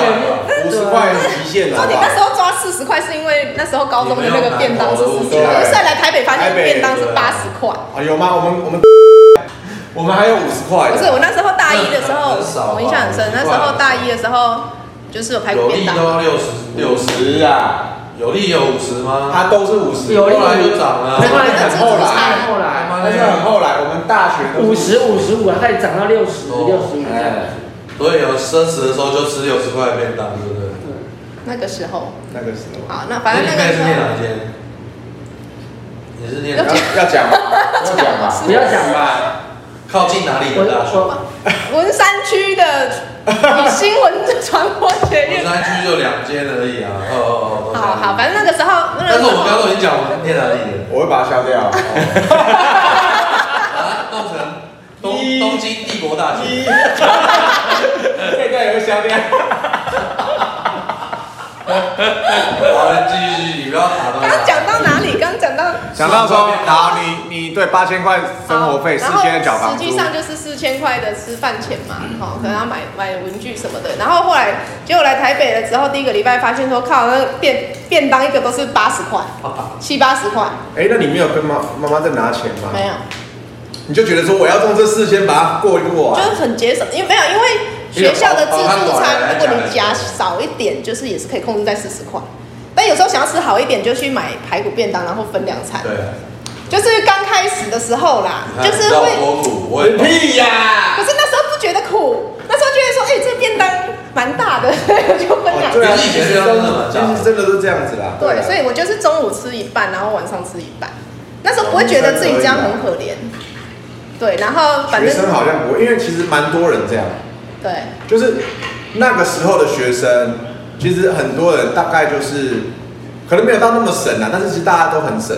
五十塊極限了吧？說你那時候抓四十塊，是因為那時候高中的那個便當是四十塊，而在來台北發現便當是八十塊。啊，有嗎？我們我們我們還有五十塊。不是，我那時候大一的時候，我印象很深很。那時候大一的時候就是有排骨便當，六十六十啊。有利有五十嗎？它、嗯、都是五十，後來就漲了。有有然後，長了那後來然後很後來，後來。那是很後來，我們大學 50, 50, 50, 50, 50, 60, 60, 60,。五十五十五它它也漲到六十，六十這所以有生死的時候就吃六十塊便當，對不對，對？那個時候。那個時候。好，那反正那個時應該是念哪間？你是念要講嗎？要講嗎？ 不要講吧。是不是靠近哪裡的大學嗎？文山，文山區的，新聞傳播學院。文山區就兩間而已啊！哦哦哦，好，好，反正那個時候。那個、時候，但是我剛剛都已經講，我念哪裡？我會把它消掉。啊、哦， 成東城，東東京帝國大學。現在 也會消掉。好了，繼續，你不要卡到，哈哈，剛講到哪。想到說，好，你你對八千塊生活費，四千的繳房租實際上就是四千塊的吃飯錢嘛、嗯，可能要買買文具什麼的。然後後來結果我來台北了之後，第一個禮拜發現說，靠，那個、便便當一個都是八十塊，七八十塊。哎、欸，那你沒有跟媽媽媽再拿錢嗎？沒有，你就覺得說我要用這四千把它過一過完、啊，就是很節省，因為沒有，因為學校的自助餐、哦哦、如果你夾少一點，就是也是可以控制在四十塊。但有時候想要吃好一點，就去買排骨便當，然後分兩餐。對、啊，就是剛開始的時候啦，就是會。我苦，我會屁呀、啊！可是那時候不覺得苦，那時候就會說，哎、欸，這便當蠻大的， 就分兩餐。哦、對啊，以前都嘛、嗯，其實真的都這樣子啦對、啊。對，所以我就是中午吃一半，然後晚上吃一半。那時候不會覺得自己這樣很可憐、嗯嗯。對，然後反正，好像不會，因為其實蠻多人這樣。對，就是那個時候的學生。其實很多人，大概就是可能沒有到那麼省啊，但是其實大家都很省。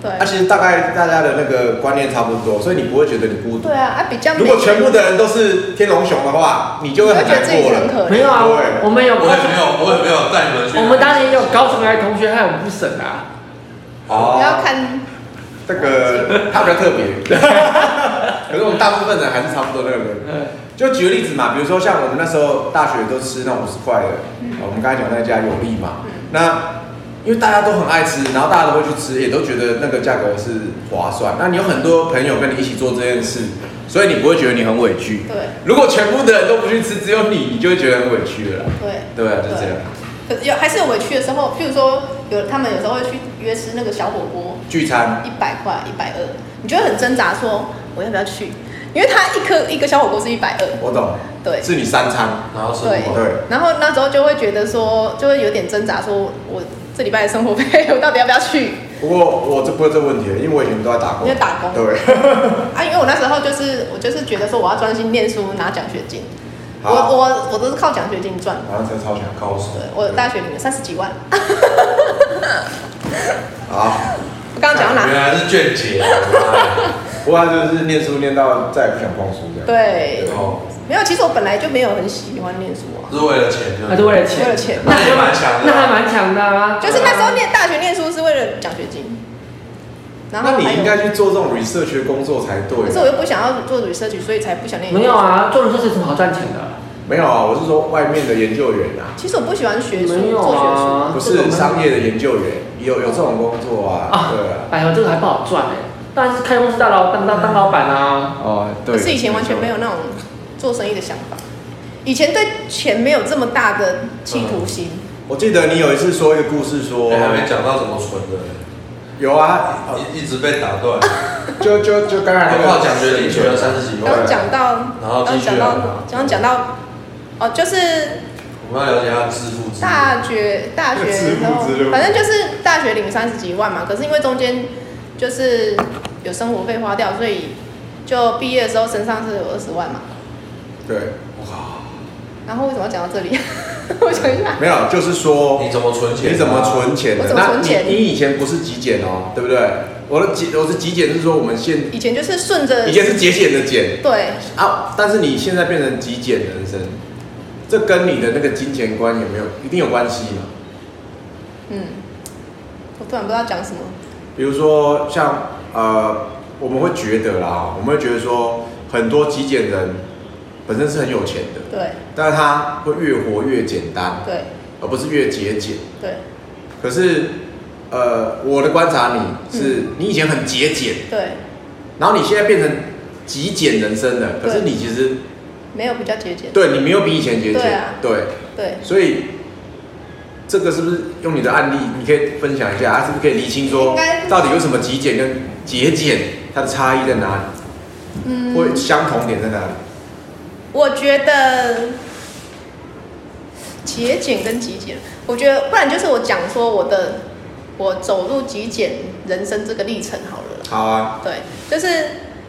對。那、啊、其實大概大家的那個觀念差不多，所以你不會覺得你孤獨。對啊，啊，如果全部的人都是天龍熊的話，你就會很難過了。沒有啊，我我們有，我也沒有，我有，沒有在你們學校，我們當年有高成來的同學，還有不省啊。哦。你不要看。這個他比較特別。 可是我們大部分人還是差不多那個人。就舉個例子嘛，比如說像我們那時候大學都吃那五十塊的、嗯，我們剛才講那家有利嘛、嗯。那因為大家都很愛吃，然後大家都會去吃，也都覺得那個價格是划算。那你有很多朋友跟你一起做這件事，所以你不會覺得你很委屈。對，如果全部的人都不去吃，只有你，你就會覺得很委屈了。對，對、啊，就這樣。可是有還是有委屈的時候，譬如說有他們有時候會去約吃那個小火鍋聚餐，一百塊、一百二，你就會很掙扎說，說我要不要去？因為他一顆一個小火鍋是一百二，我懂，對，是你三餐，然後是對,對，然後那時候就會覺得說，就會有點掙扎說，說我這禮拜的生活費，我到底要不要去？不過我這不會有這問題，因為我以前都在打工，你在打工，對，啊，因為我那時候就是我就是覺得說我要專心念書拿獎學金，我我我都是靠獎學金賺，然後再超獎學金，我大學裡面三十幾萬，好，剛剛講到哪？原來是卷姐、啊。 我就是念書念到再也不想放書這樣。對，哦，沒有，其實我本來就沒有很喜歡念書啊。是為了錢，還是為了錢？為了錢，那還蠻強的、啊。 那還蠻強的啊。就是那時候念大學念書是為了獎學金、嗯啊。那你應該去做這種 research 的工作才對、啊。可是我又不想要做 research，所以才不想念、念書。沒有啊，做 research 很好賺錢的。沒有啊，我是說外面的研究員啊。其實我不喜歡學術、啊、做學術不是商業的研究員，哦、有有這種工作啊？啊對啊。哎呦，這個還不好賺呢、欸。當然是開公司，大老當當當老板啊！哦對，可是以前完全沒有那種做生意的想法，以前對錢沒有這麼大的企圖心。嗯、我記得你有一次說一個故事說，說、欸、還沒講到怎麼存的。有啊，嗯、一一直被打斷、嗯，就就就剛才講到領取了三十幾萬。剛講到、啊、到，然後講到，剛剛講到、哦，就是我們要了解他支付。大學大學反正就是大學領三十幾萬嘛。可是因為中間。就是有生活費花掉，所以就畢業的時候身上是有二十萬嘛。對，哇。然後為什麼要講到這裡？ 我想一下。沒有，就是說你怎麼存錢？你怎麼存錢、麼存錢、哦？我怎麼存錢你？你以前不是極簡哦、喔，對不對？我的極我是極簡，是說我們現以前就是順着。以前是節儉的儉。對啊，但是你現在變成極簡的人生，這跟你的那個金錢觀有沒有一定有關係。嗯，我突然不知道講什麼。比如說像，像呃，我們會覺得啦，我們會覺得說，很多極簡人本身是很有錢的，對，但是他會越活越簡單，對，而不是越節儉，對。可是，呃，我的觀察，你是、嗯、你以前很節儉，對，然後你現在變成極簡人生了，可是你其實沒有比較節儉，對你沒有比以前節儉、嗯啊，對，對，所以。這個是不是用你的案例，你可以分享一下啊？是不是可以理清說，到底有什麼極簡跟節儉，它的差異在哪裡？嗯，或相同點在哪裡？我覺得節儉跟極簡，我覺得不然就是我講說我的，我走入極簡人生這個歷程好了。好啊。對，就是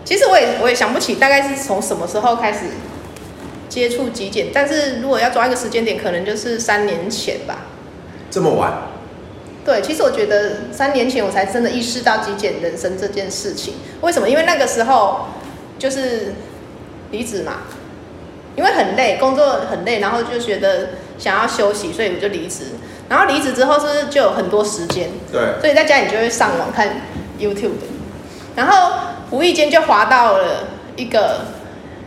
其實我也我也想不起大概是從什麼時候開始接觸極簡，但是如果要抓一個時間點，可能就是三年前吧。這麼晚？對，其實我覺得三年前我才真的意識到極簡人生這件事情。為什麼？因為那個時候就是離職嘛，因為很累，工作很累，然後就覺得想要休息，所以我就離職。然後離職之後是不是就有很多時間？對。所以在家裡就會上網看 YouTube，然後無意間就滑到了一個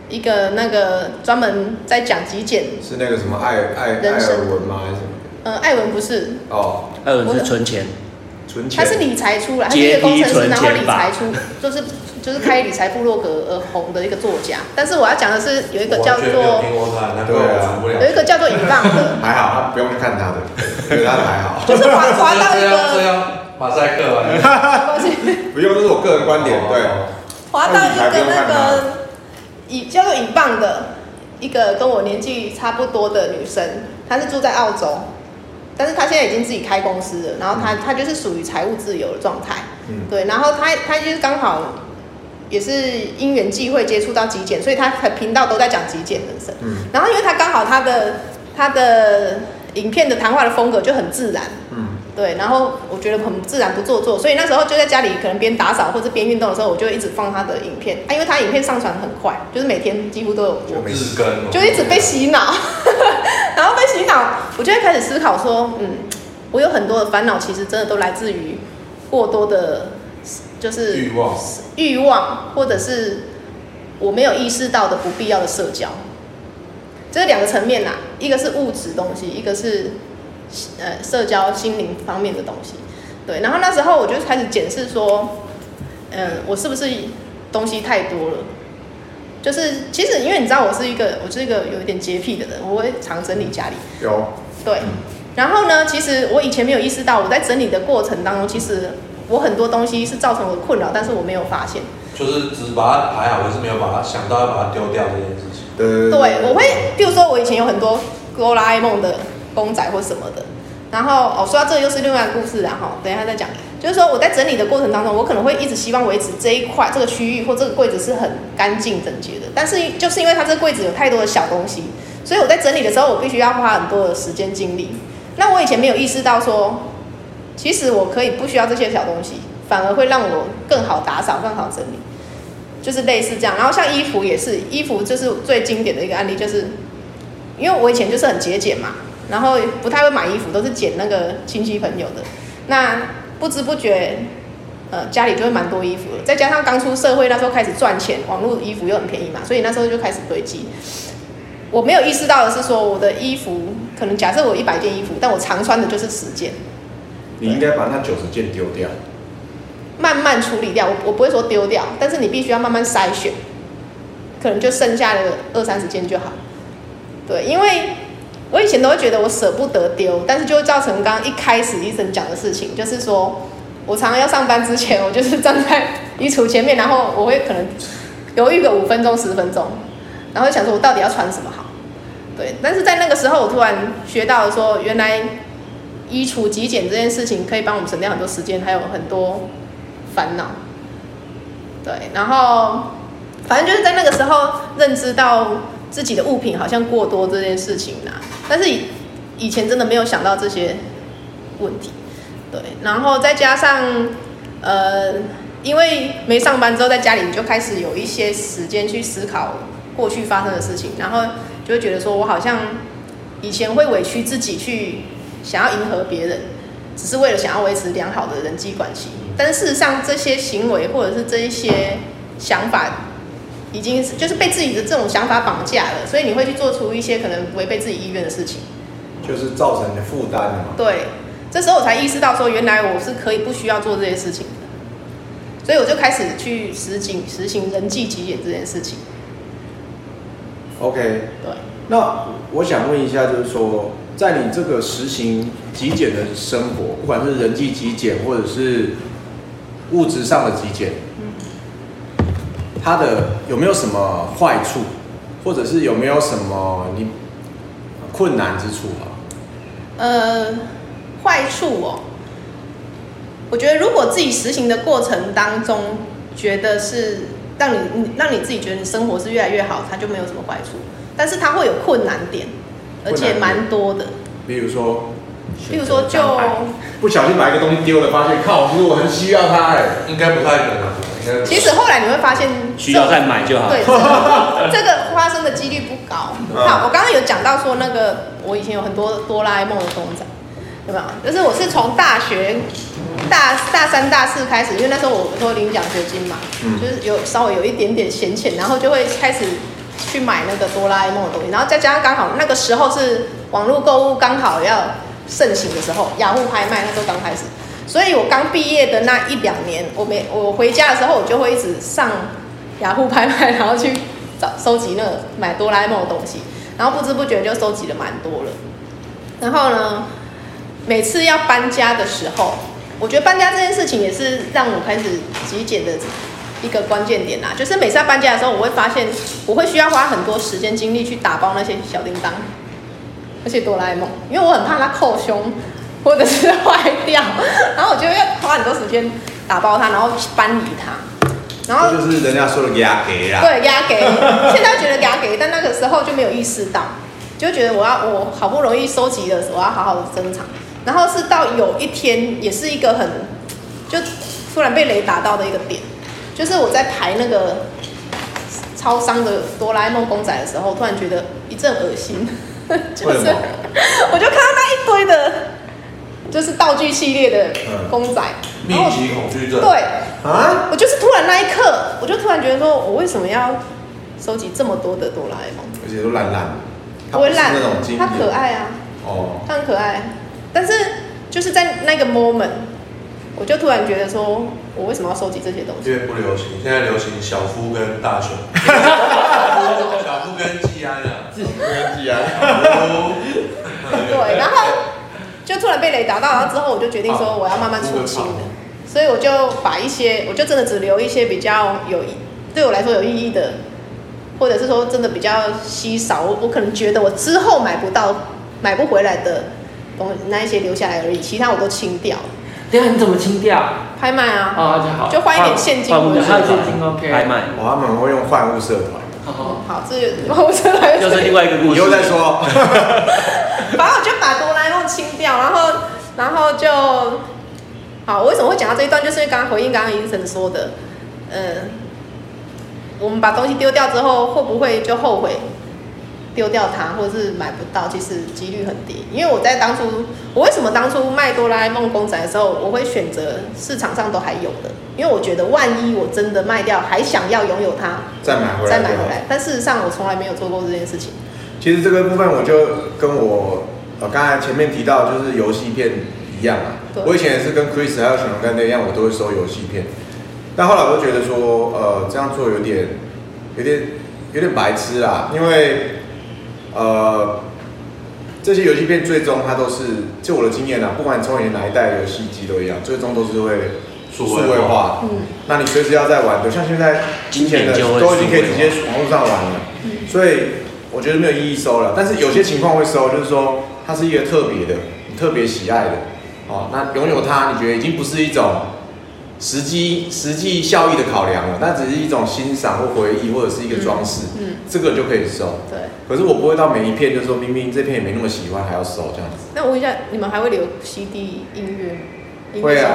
一個那個專門在講極簡，是那個什麼愛愛愛爾文嗎？還是？呃、艾文不是哦，艾文是存錢，存錢，他是理財出來，他是一個工程師，然後理財出，就是就是開理財部落格而紅的一個作家。但是我要講的是，有一個叫做，那個、對啊，有一個叫做 Evonne 的，還好，不用去看他的，他還好， 就是劃劃到一個馬賽克沒關係，那個、 不用，這、就是我個人觀點， 對，劃到一個那個以、那個、叫做 Evonne 的， 一個跟我年紀差不多的女生，她是住在澳洲。但是他現在已經自己開公司了，然後他他就是屬於財務自由的狀態、嗯，對，然後他他就是剛好也是因緣際會接觸到極簡，所以他頻道都在講極簡人生。嗯，然後因為他剛好他的他的影片的談話的風格就很自然、嗯，對，然後我覺得很自然不做作，所以那時候就在家裡可能邊打掃或者邊運動的時候，我就一直放他的影片。啊、因為他影片上傳很快，就是每天幾乎都有播，就日更，就一直被洗腦。嗯 我就會開始思考說，嗯，我有很多的煩惱，其實真的都來自於過多的，就是欲望欲望，或者是我沒有意識到的不必要的社交，這兩個層面啊，一個是物質東西，一個是呃社交心靈方面的東西。對，然後那時候我就開始檢視說，嗯，我是不是東西太多了？就是，其實因為你知道，我是一個，我是一個有一點潔癖的人，我會常整理家裡。有。對。嗯，然後呢，其實我以前沒有意識到，我在整理的過程當中，其實我很多東西是造成我的困擾，但是我沒有發現。就是只把它排好，我是沒有把它想到要把它丟掉，掉這件事情。對對，我會，比如說我以前有很多哆啦 A 夢的公仔或什麼的，然後哦，說到這又是另外一個故事，然後等一下再講。就是說，我在整理的過程當中，我可能會一直希望維持這一塊這個區域或這個櫃子是很乾淨整潔的。但是，就是因為它這個櫃子有太多的小東西，所以我在整理的時候，我必須要花很多的時間精力。那我以前沒有意識到說，其實我可以不需要這些小東西，反而會讓我更好打掃、更好整理，就是類似這樣。然後像衣服也是，衣服就是最經典的一個案例，就是因為我以前就是很節儉嘛，然後不太會買衣服，都是撿那個親戚朋友的那……不知不覺，呃，家裡就會蠻多衣服了。再加上剛出社會那時候開始賺錢，網絡衣服又很便宜嘛，所以那時候就開始堆積。我沒有意識到的是說，我的衣服可能假設我一百件衣服，但我常穿的就是十件。你應該把那九十件丟掉，慢慢處理掉。我我不會說丟掉，但是你必須要慢慢篩選，可能就剩下的二三十件就好。對，因為。我以前都會覺得我捨不得丟，但是就會造成剛一開始醫生講的事情，就是說我常常要上班之前，我就是站在衣櫥前面，然後我會可能猶豫個五分鐘十分鐘，然後想說我到底要穿什麼好？對。但是在那個時候，我突然學到了說，原來衣櫥極簡這件事情可以幫我們省掉很多時間，還有很多煩惱，對。然後反正就是在那個時候認知到自己的物品好像過多這件事情啦、啊。但是以以前真的沒有想到這些問題，對，然後再加上呃，因為沒上班之後在家裡，你就開始有一些時間去思考過去發生的事情，然後就會覺得說我好像以前會委屈自己去想要迎合別人，只是為了想要維持良好的人際關係，但是事實上這些行為或者是這一些想法，已經是就是被自己的這種想法綁架了，所以你會去做出一些可能違背自己意願的事情，就是造成你的負擔了嘛？對，這時候我才意識到說，原來我是可以不需要做這些事情的，所以我就開始去實行實行人際極簡這件事情。OK，對，那我想問一下，就是說，在你這個實行極簡的生活，不管是人際極簡或者是物質上的極簡。它的有沒有什麼壞處，或者是有沒有什麼你困難之處、啊？呃，壞處哦，我覺得如果自己實行的過程當中，覺得是讓你讓你自己覺得你生活是越來越好，它就沒有什麼壞處。但是它會有困難點，而且蠻多的。比如說，比如說就，就 不小心把一個東西丟了，發現靠，其實我很需要它、欸，哎，應該不太可能。其實後來你會發現，需要再買就好。對，這個、這個、發生的幾率不高。 好，我剛剛有講到說那個，我以前有很多哆啦 A 夢的公仔，對吧？就是我是從大學大大三、大四開始，因為那時候我會領獎學金嘛，就是有稍微有一點點閒錢，然後就會開始去買那個哆啦 A 夢的東西。然後再加上剛好那個時候是網絡購物剛好要盛行的時候，雅虎拍賣那時候剛開始。所以，我剛畢業的那一兩年，我每我回家的時候，我就會一直上雅虎拍賣，然後去找收集那個，買哆啦 A 夢的東西，然後不知不覺就收集了蠻多了。然後呢，每次要搬家的時候，我覺得搬家這件事情也是讓我開始極簡的一個關鍵點啦。就是每次要搬家的時候，我會發現我會需要花很多時間精力去打包那些小叮當，而且哆啦 A 夢，因為我很怕它扣胸。或者是壞掉，然後我就要花很多時間打包它，然後搬離它。然後就是人家說的壓給啦。對，壓給，現在覺得壓給，但那個時候就沒有意識到，就覺得我要我好不容易收集的時候我要好好的珍藏。然後是到有一天，也是一個很就突然被雷打到的一個點，就是我在排那個超商的哆啦 A 夢公仔的時候，突然覺得一陣噁心，就是為什麼？我就看到那一堆的。就是道具系列的公仔，嗯，密集恐懼症。對啊，我就是突然那一刻，我就突然覺得說，我為什麼要收集這麼多的哆啦 A 夢？而且都爛爛不，不會爛。它可愛啊。哦，它很可愛，但是就是在那個 moment，我就突然覺得說，我為什麼要收集這些東西？因為不流行，現在流行小夫跟大雄 對 啊。小夫跟季安了、啊，季安跟季安。對，然後。就突然被雷打到，然後之後，我就決定說我要慢慢出清的。所以我就把一些，我就真的只留一些比較有對我來說有意義的，或者是說真的比較稀少，我可能覺得我之後買不到、買不回來的東西，那一些留下來而已，其他我都清掉。對啊，你怎麼清掉？拍賣啊！哦、就好，就換一點現金換。換物社團，拍賣，我還蠻會用換物社團。好好好，這我這來又是另外一個故事，以後再說。反 正我就把清掉，然後，然後就，好，我為什麼會講到這一段？就是因為剛剛回應剛剛醫生說的，嗯，我們把東西丟掉之後，會不會就後悔丟掉它，或者是買不到？其實幾率很低，因為我在當初，我為什麼當初賣哆啦 A 夢公仔的時候，我會選擇市場上都還有的，因為我覺得萬一我真的賣掉，還想要擁有它，再買回來，嗯、再買回來。但事實上，我從來沒有做過這件事情。其實這個部分，我就跟我。我、哦、剛才前面提到就是遊戲片一樣啊，我以前也是跟 Chris 還有熊哥一樣，我都會收遊戲片，但後來我就覺得說，呃，這樣做有點，有點，有點白痴啦，因為，呃，這些遊戲片最終它都是，就我的經驗啦，不管你從哪一代遊戲機都一樣，最終都是會數位，位化，嗯，那你隨時要再玩，就像現在的，金錢的都已經可以直接網絡上玩了、嗯，所以我覺得沒有意義收了，但是有些情況會收，就是說。它是一個特別的，你特別喜愛的，哦，那擁有它，你覺得已經不是一種實際實際效益的考量了，但只是一種欣賞或回憶，或者是一個裝飾，嗯，嗯，這個就可以收。對。可是我不會到每一片，就是說，明明這片也沒那麼喜歡，還要收這樣子。那我問一下，你們還會留 CD 音樂，音樂 CD？會啊，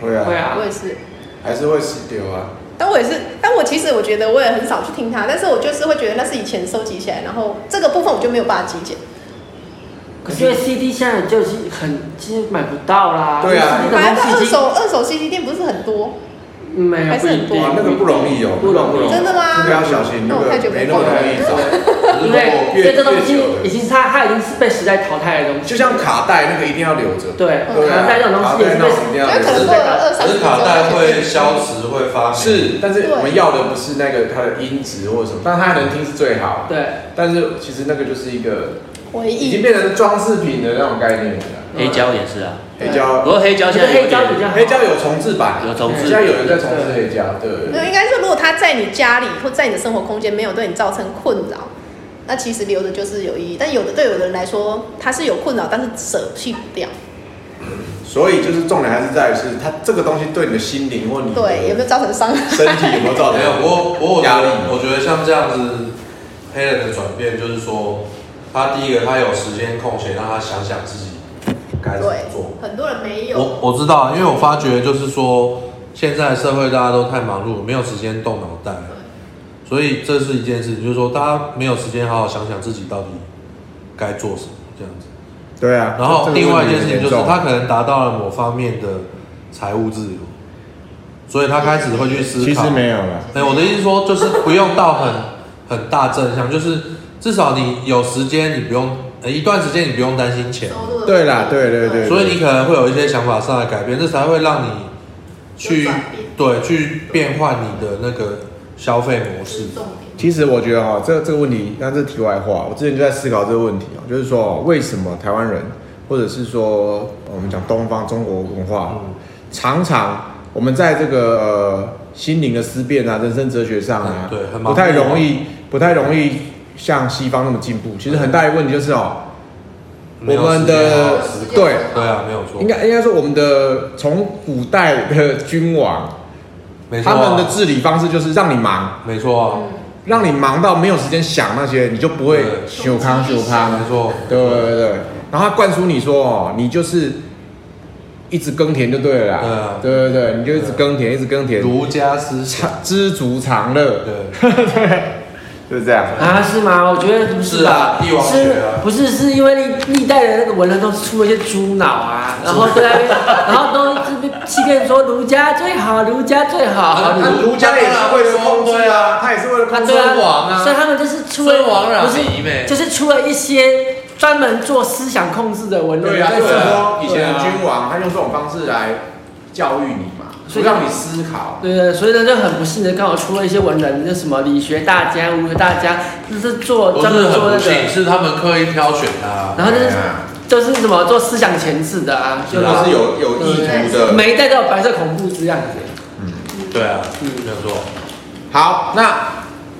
會啊，會啊。我也是，還是會丟掉啊。但我也是，但我其實我覺得我也很少去聽它，但是我就是會覺得那是以前收集起來，然後這個部分我就沒有辦法極簡。因為 CD 現在就是很其實、就是、買不到啦，買、啊就是、二手二手 CD 店不是很多，沒有還是很多、啊，那個不容易哦，不容易，真的嗎？因為要小心那個、嗯、沒那麼容易找，因為因為這東西已經它它已，已經是被時代淘汰的東西，就像卡帶那個一定要留着，對，okay. 對啊，卡帶這種東西是、那個、一定要留着，但是，就是卡帶會消磁會發霉，是，但是我們要的不是那個它的音質或者什麼，但它還能聽是最好，對，但是其實那個就是一個。唯一已經變成裝飾品的那種概念了、嗯，黑膠也是啊，黑膠不過黑膠現在、這個、黑膠黑膠有重製版，有重製現在有人在重製黑膠，對，對，對。沒有應該是，如果它在你家裡或在你的生活空間沒有對你造成困擾，那其實留的就是有意義。但有的對有的人來說，它是有困擾，但是捨棄不掉。所以就是重點還是在於是它這個東西對你的心靈或你對有沒有造成傷害，身體有沒有造成沒有。不過不過，我覺得像這樣子黑人的轉變，就是說。他第一個，他有時間空閒，讓他想想自己該怎麼做。很多人沒有。我我知道，因為我發覺就是說，現在社會大家都太忙碌，沒有時間動腦袋，所以這是一件事就是說大家沒有時間好好想想自己到底該做什麼這樣子。對啊。然後另外一件事情就是，他、這個、可能達到了某方面的財務自由，所以他開始會去思考。其實沒有啦。哎、欸，我的意思說就是不用到很很大正向，就是。至少你有時間，你不用、欸、一段時間，你不用擔心錢，對啦，對，對對對，所以你可能會有一些想法上的改變，這才會讓你去變，對，去變換你的那個消費模式。其實我覺得哈、喔，這這個問題那是題外話，我之前就在思考這個問題啊、喔，就是說、喔、為什麼台灣人，或者是說我們講東方中國文化、嗯，常常我們在這個、呃、心靈的思辨啊、人生哲學上啊，嗯、對，不太容易，不太容易。像西方那麼進步，其實很大的問題就是哦、喔嗯，我們的對對啊，沒有錯，應該應該說我們的從古代的君王、啊，他們的治理方式就是讓你忙，沒錯、啊嗯，讓你忙到沒有時間想那些，你就不會修康，修康，沒錯，對對對，對然後灌輸你說哦、喔，你就是一直耕田就對了啦對、啊，對對對，你就一直耕田，一直耕田，儒、啊、家思想知足常樂，對 對。就是這樣啊？是嗎？我覺得不是啊，帝王是，是，不是是因為歷歷代的那個文人，都出了一些豬腦啊，然後對， 然後都欺騙說儒家最好，儒家最好。啊啊、儒家也是為了控制、啊、說為了控制、啊，對啊，他也是為了控制啊啊啊王啊。所以他們就是出了，老了不是，就是出了一些專門做思想控制的文人。對啊，就是說、啊、以前的君王、啊，他用這種方式來教育你。所以不讓你思考。對對，所以呢，就很不幸的剛好出了一些文人，那什麼理學大家、文學大家，就是做專門做的、這個是很。是他們刻意挑選的、啊。然後就是、啊、就是什麼做思想鉗制的啊，就是，是有有意圖的。每一代都有白色恐怖這樣子。嗯，對啊。嗯，沒、嗯、錯。好，那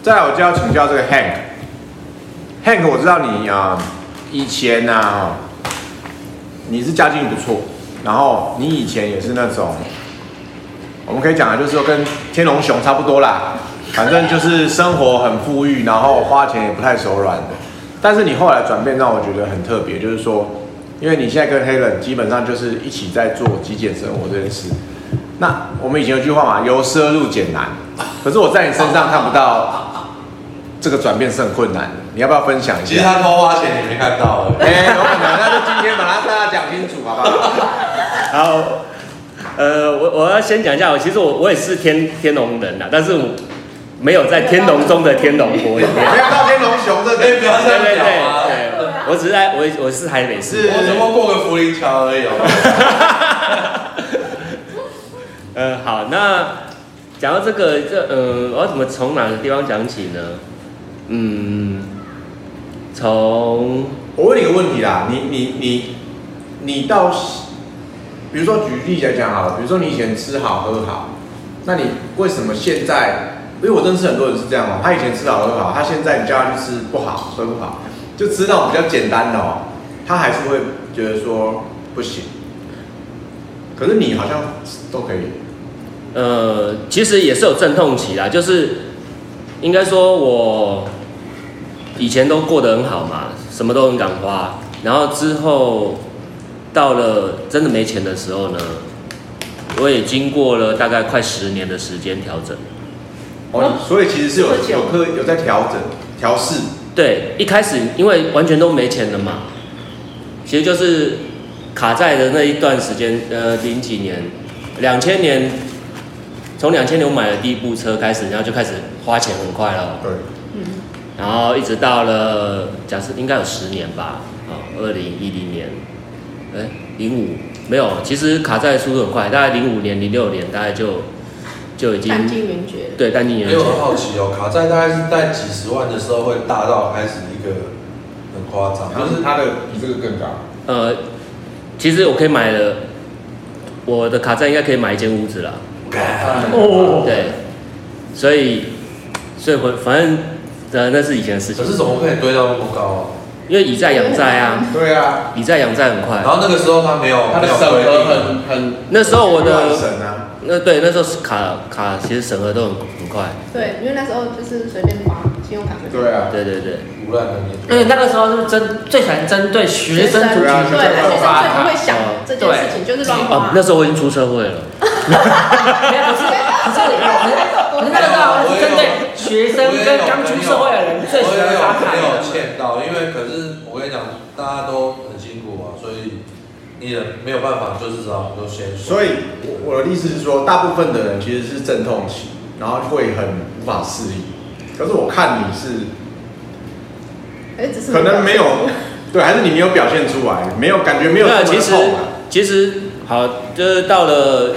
再來我就要請教這個 Hank。Hank，我知道你啊、呃，以前呢、啊，你是家境不錯，然後你以前也是那種。我們可以講的就是說跟天龍熊，差不多啦，反正就是生活很富裕，然後花錢也不太手軟的。但是你後來轉變，讓我覺得很特別，就是說，因為你現在跟 Helen 基本上就是一起在做極簡生活這件事。那我們以前有句話嘛，由奢入儉難。可是我在你身上看不到這個轉變是很困難的。你要不要分享一下？其實他偷花錢你沒看到了，哎、 欸，有可能，那就今天把它大家講清楚好不好？好。 好呃，我我要先講一下，我其實我我也是天天龍人吶、啊，但是我沒有在天龍中的天龍國一樣，不要到天龍熊。對對對對對對對對，我只是在，我我是台北市，我只不過過個福林橋而已，啊。 呃，好，那講到這個，這呃、嗯，我要怎麼從哪個地方講起呢？嗯，從我問你一個問題啦，你你你你到。比如說，舉例子來講好了。比如說，你以前吃好喝好，那你為什麼現在？因為我認識很多人是這樣嘛、喔，他以前吃好喝好，他現在你叫他去吃不好喝不好，就知道比較簡單的哦、喔，他還是會覺得說不行。可是你好像都可以。呃，其實也是有陣痛期啦，就是應該說我以前都過得很好嘛，什麼都很敢花，然後之後。到了真的沒錢的時候呢，我也經過了大概快十年的時間調整。哦，所以其實是有有，有在調整調試。對，一開始因為完全都沒錢了嘛，其實就是卡債的那一段時間，呃，零幾年，兩千年，從兩千年我買了第一部車開始，然後就開始花錢很快了。對，嗯，然後一直到了，假設應該有十年吧，啊、哦，二零一零年。零、欸、五沒有，其實卡債速度很快，大概零五年、零六年，大概就就已經。彈盡援絕。對，彈盡援絕。很好奇哦，卡債大概是在幾十萬的時候會大到開始一個很誇張，但，就是它的比這個更大、嗯嗯。呃，其實我可以買了，我的卡債應該可以買一間屋子了。哦、啊 oh, 嗯，對，所以所以反反正呃那是以前的事情。可是怎麼可以堆到那麼高啊？因為以債養債啊，對啊，以債養債很快。然後那個時候他沒有，他的審核很很，很，那時候我的，啊、那對，那時候卡卡其實審核都很，很快。對，因為那時候就是隨便刷信用卡。對啊。對對對。無賴肯定。而且那個時候是真，最喜歡針對學生，學生對生啊，對啊，最不、啊啊、會想、啊、這件事情，就是說、啊，啊、哦，那時候我已經出社會了。哈 哈 不要 哦、那個是針對學生跟剛出社會有人的人最需我沒有，我沒有，我沒有欠到。 因為可是我跟你講，大家都很辛苦啊，所以你也沒有辦法，就是說都先。所以，我我的意思是說，大部分的人其實是陣痛期，然後會很無法適應。可是我看你是，可能沒有對，還是你沒有表現出來，沒有感覺，沒有那痛其實，其實好，就是到了。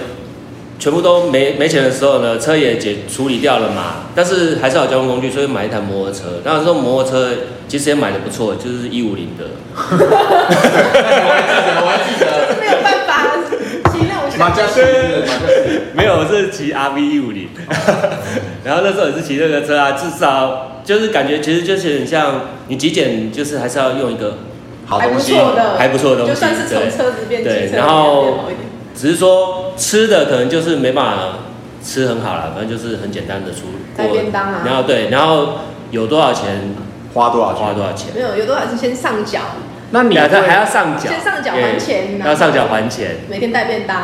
全部都沒沒錢的時候呢，車也解處理掉了嘛，但是還是有交通工具，所以買一台摩托車。那時候摩托車其實也買得不錯，就是一五零的。 我還記得，我還記得，就是、沒有辦法，騎那我馬家軍，馬家軍沒有，我是騎 RV 一五零。 然後那時候也是騎這個車啊，至少就是感覺，其實就是很像你極簡，就是還是要用一個好東西，還不錯的，還不錯的東西，就算是從車子變機車，對，對，然後只是說。吃的可能就是沒辦法吃很好了，反正就是很簡單的出帶便當啊。然後對，然後有多少錢花多少錢花多少錢。沒有，有多少錢先上繳。那你還還要上繳？先上繳還錢。欸、然後要上繳還錢。每天帶便當。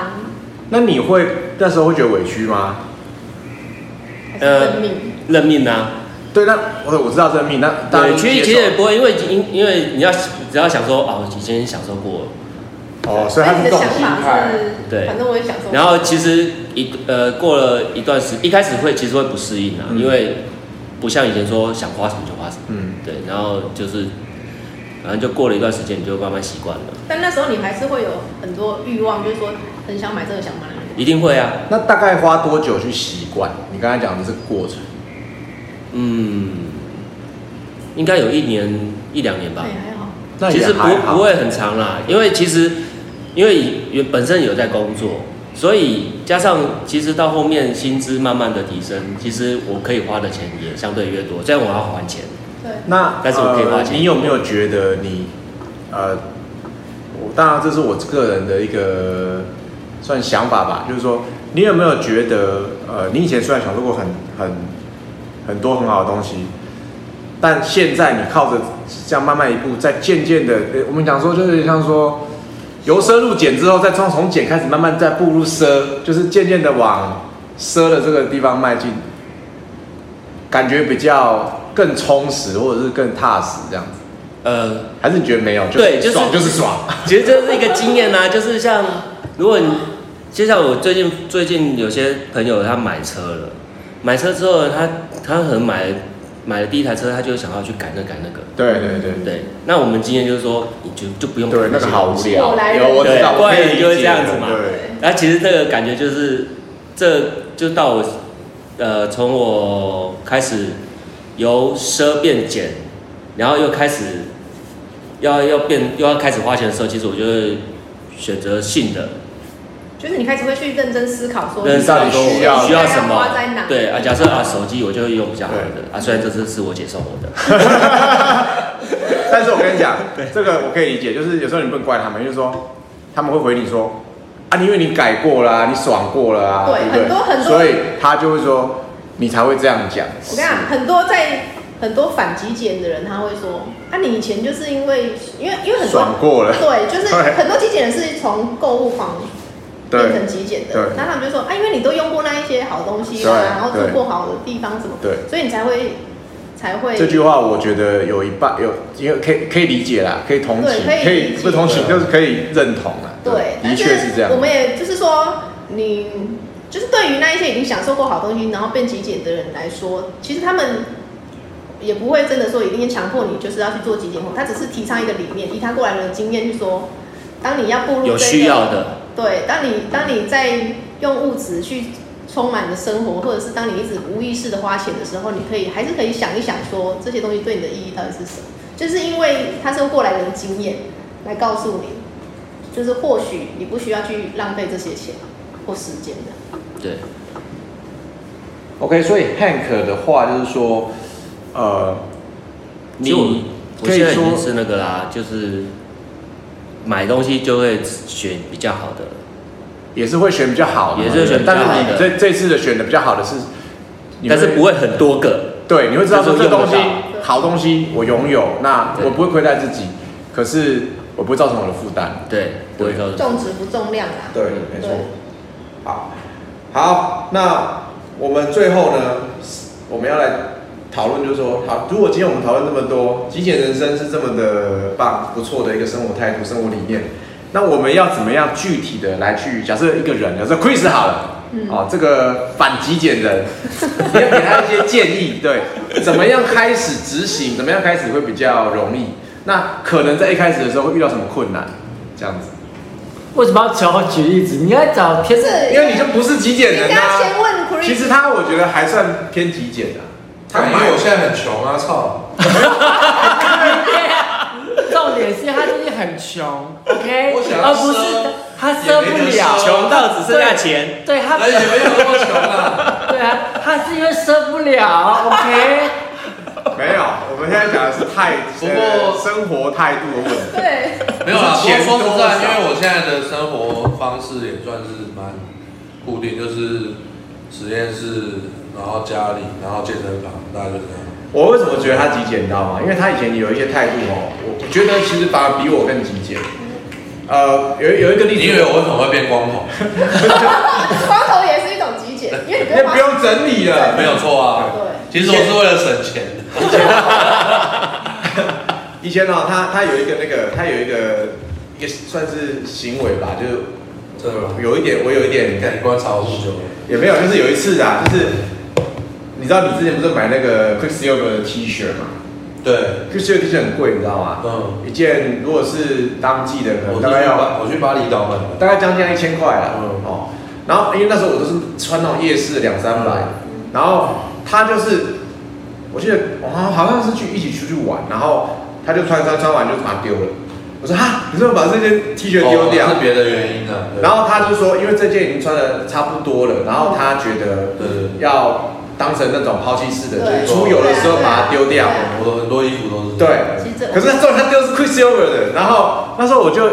那你會那時候會覺得委屈嗎？呃，認命啊。對，那我我知道認命。那委屈其實也不會，因為因因為你要只要想說哦，已經享受過了。哦，所以他是這種心態，所以你的想法是，的是，對，反正我也享受。然後其實一呃過了一段時，一開始會其實會不適應啊、嗯，因為不像以前說想花什麼就花什麼，嗯，對。然後就是，反正就過了一段時間，你就慢慢習慣了。但那時候你還是會有很多慾望，就是說很想買這個，想買那個。一定會啊、嗯。那大概花多久去習慣？你剛才講的是過程。嗯，應該有一年一兩年吧。對、欸，還好。那其實不不，不會很長啦，因為其實。因為本身有在工作，所以加上其實到後面薪資慢慢的提升，其實我可以花的錢也相對越多。雖然我要還錢，對，那但是我可以花錢、呃。你有沒有覺得你，呃，我當然這是我個人的一個算想法吧，就是說你有沒有覺得，呃，你以前雖然享受過很很很多很好的東西，但現在你靠着這樣慢慢一步，再漸漸的、欸，我們講說就是像說。由奢入儉之後，再從從儉開始，慢慢再步入奢，就是漸漸的往奢的這個地方邁進，感覺比較更充實，或者是更踏實這樣子。呃，還是你覺得沒有？就爽就是、對，就是就是爽。其實這是一個經驗吶、啊， 就是像如果你就像我最近最近有些朋友他買車了，買車之後他他很買。買了第一台車，他就想要去改那個，改那個。對對對對。那我們今天就是說，嗯、你就就不用。對，那個好無聊。有我知道，不然人就會這樣子嘛。對。那、啊、其實這個感覺就是，這就到我，呃，從我開始由奢變儉，然後又開始要要變，又要開始花錢的時候，其實我就會選擇性的。就是你開始會去認真思考說，你到底都需要什麼對？對啊，假設啊，手機我就用比較好的啊，雖然這次是我接受我的 但是，我跟你講，這個我可以理解。就是有時候你不能怪他們，就是說他們會回你說啊，你因為你改過啦、啊，你爽過了啊。對，對對很多很多，所以他就會說你才會這樣講。我跟你講，很多在很多反極簡的人，他會說啊，你以前就是因為因為因為很多爽過了，對，就是很多極簡人是從購物方。對，變成極簡的，那他們就說啊，因為你都用過那一些好東西啦、啊，然後做過好的地方，怎麼對，所以你才會才會。這句話我覺得有一半有，因為可以可以理解啦，可以同情，對可以，可以不同情就是可以認同了。對，的確是這樣。我們也就是說，你就是對於那一些已經享受過好東西，然後變極簡的人來說，其實他們也不會真的說一定要強迫你，就是要去做極簡。他只是提倡一個理念，以他過來的經驗去說，當你要步入有需要的。對，當你當你在用物質去充滿的生活，或者是當你一直無意識的花錢的時候，你可以還是可以想一想說，說這些東西對你的意義到底是什麼？就是因為他是用過來人的經驗來告訴你，就是或許你不需要去浪費這些錢或時間的。對。OK，所以 Hank 的話就是說，呃，你可以說我現在已是那個啦，就是。買東西就會選比較好的，也是會選比較好的，也是選。但是你這這次的選的比較好的是，但是不會很多個。多個對，你會知道說這東西好東西我擁有，那我不會虧待自己，可是我不會造成我的負擔。對，我會重質不重量啊。對，沒錯。好，好，那我們最後呢，我們要來。討論就是說，好，如果今天我們討論這麼多，極簡人生是這麼的棒，不錯的一個生活態度，生活理念，那我們要怎麼樣具體的來去？假設一個人，假設 Chris 好了，嗯，哦，這個反極簡人， 你要給他一些建議，對，怎麼樣開始執行？ 怎麼樣開始會比較容易？那可能在一開始的時候會遇到什麼困難？這樣子？為什麼要找舉例子？你要找其實，是因為你就不是極簡人啊。你先問 Chris。其實他我覺得還算偏極簡的，啊。他因為我現在很窮啊，操！ 重點是他就是很窮，OK，我想要而不是收他收不了，窮到只剩下錢，對，對他也沒有那麼窮啊， 對啊，他是因為收不了，OK，沒有，我們現在講的是態，不過生活態度的問題，對，沒有啦，說實在，因為我現在的生活方式也算是蠻固定，就是實驗室。然後家裡，然後健身房，大概就這樣。我為什麼覺得他極簡，你知道嗎？因為他以前有一些態度哦，我覺得其實反而比我更極簡、嗯。呃，有有一個例子。你以為我為什麼會變光頭？ 光頭也是一種極簡，因為你不用整理了，沒有錯啊。對。其實我是為了省錢。 以前呢、喔，他他有一個那個，他有一個一個算是行為吧，就是，真的嗎？有一點，我有一點，你看你光吵我這麼久，也沒有，就是有一次啊，就是。你知道你之前不是買那個 Quicksilver T 恤嗎？對，Quicksilver T 恤很貴，你知道嗎？嗯，一件如果是當季的，可能大概要我，我去巴里島買、嗯，大概將近一千塊了。嗯、哦，然後因為那時候我都是穿那種夜市兩三百，然後他就是我記得啊、哦，好像是去一起出去玩，然後他就穿穿穿完就把它丟了。我說哈、啊，你怎麼把這件 T 恤丟掉？是、哦、別、哦、的原因啊。然後他就說，因為這件已經穿的差不多了、嗯，然後他覺得對、呃、要。當成那種拋棄式的，就是出遊的時候把它丟掉，我很多衣服都是。對，可是他最後他丟是 Quicksilver 的，然後那時候我就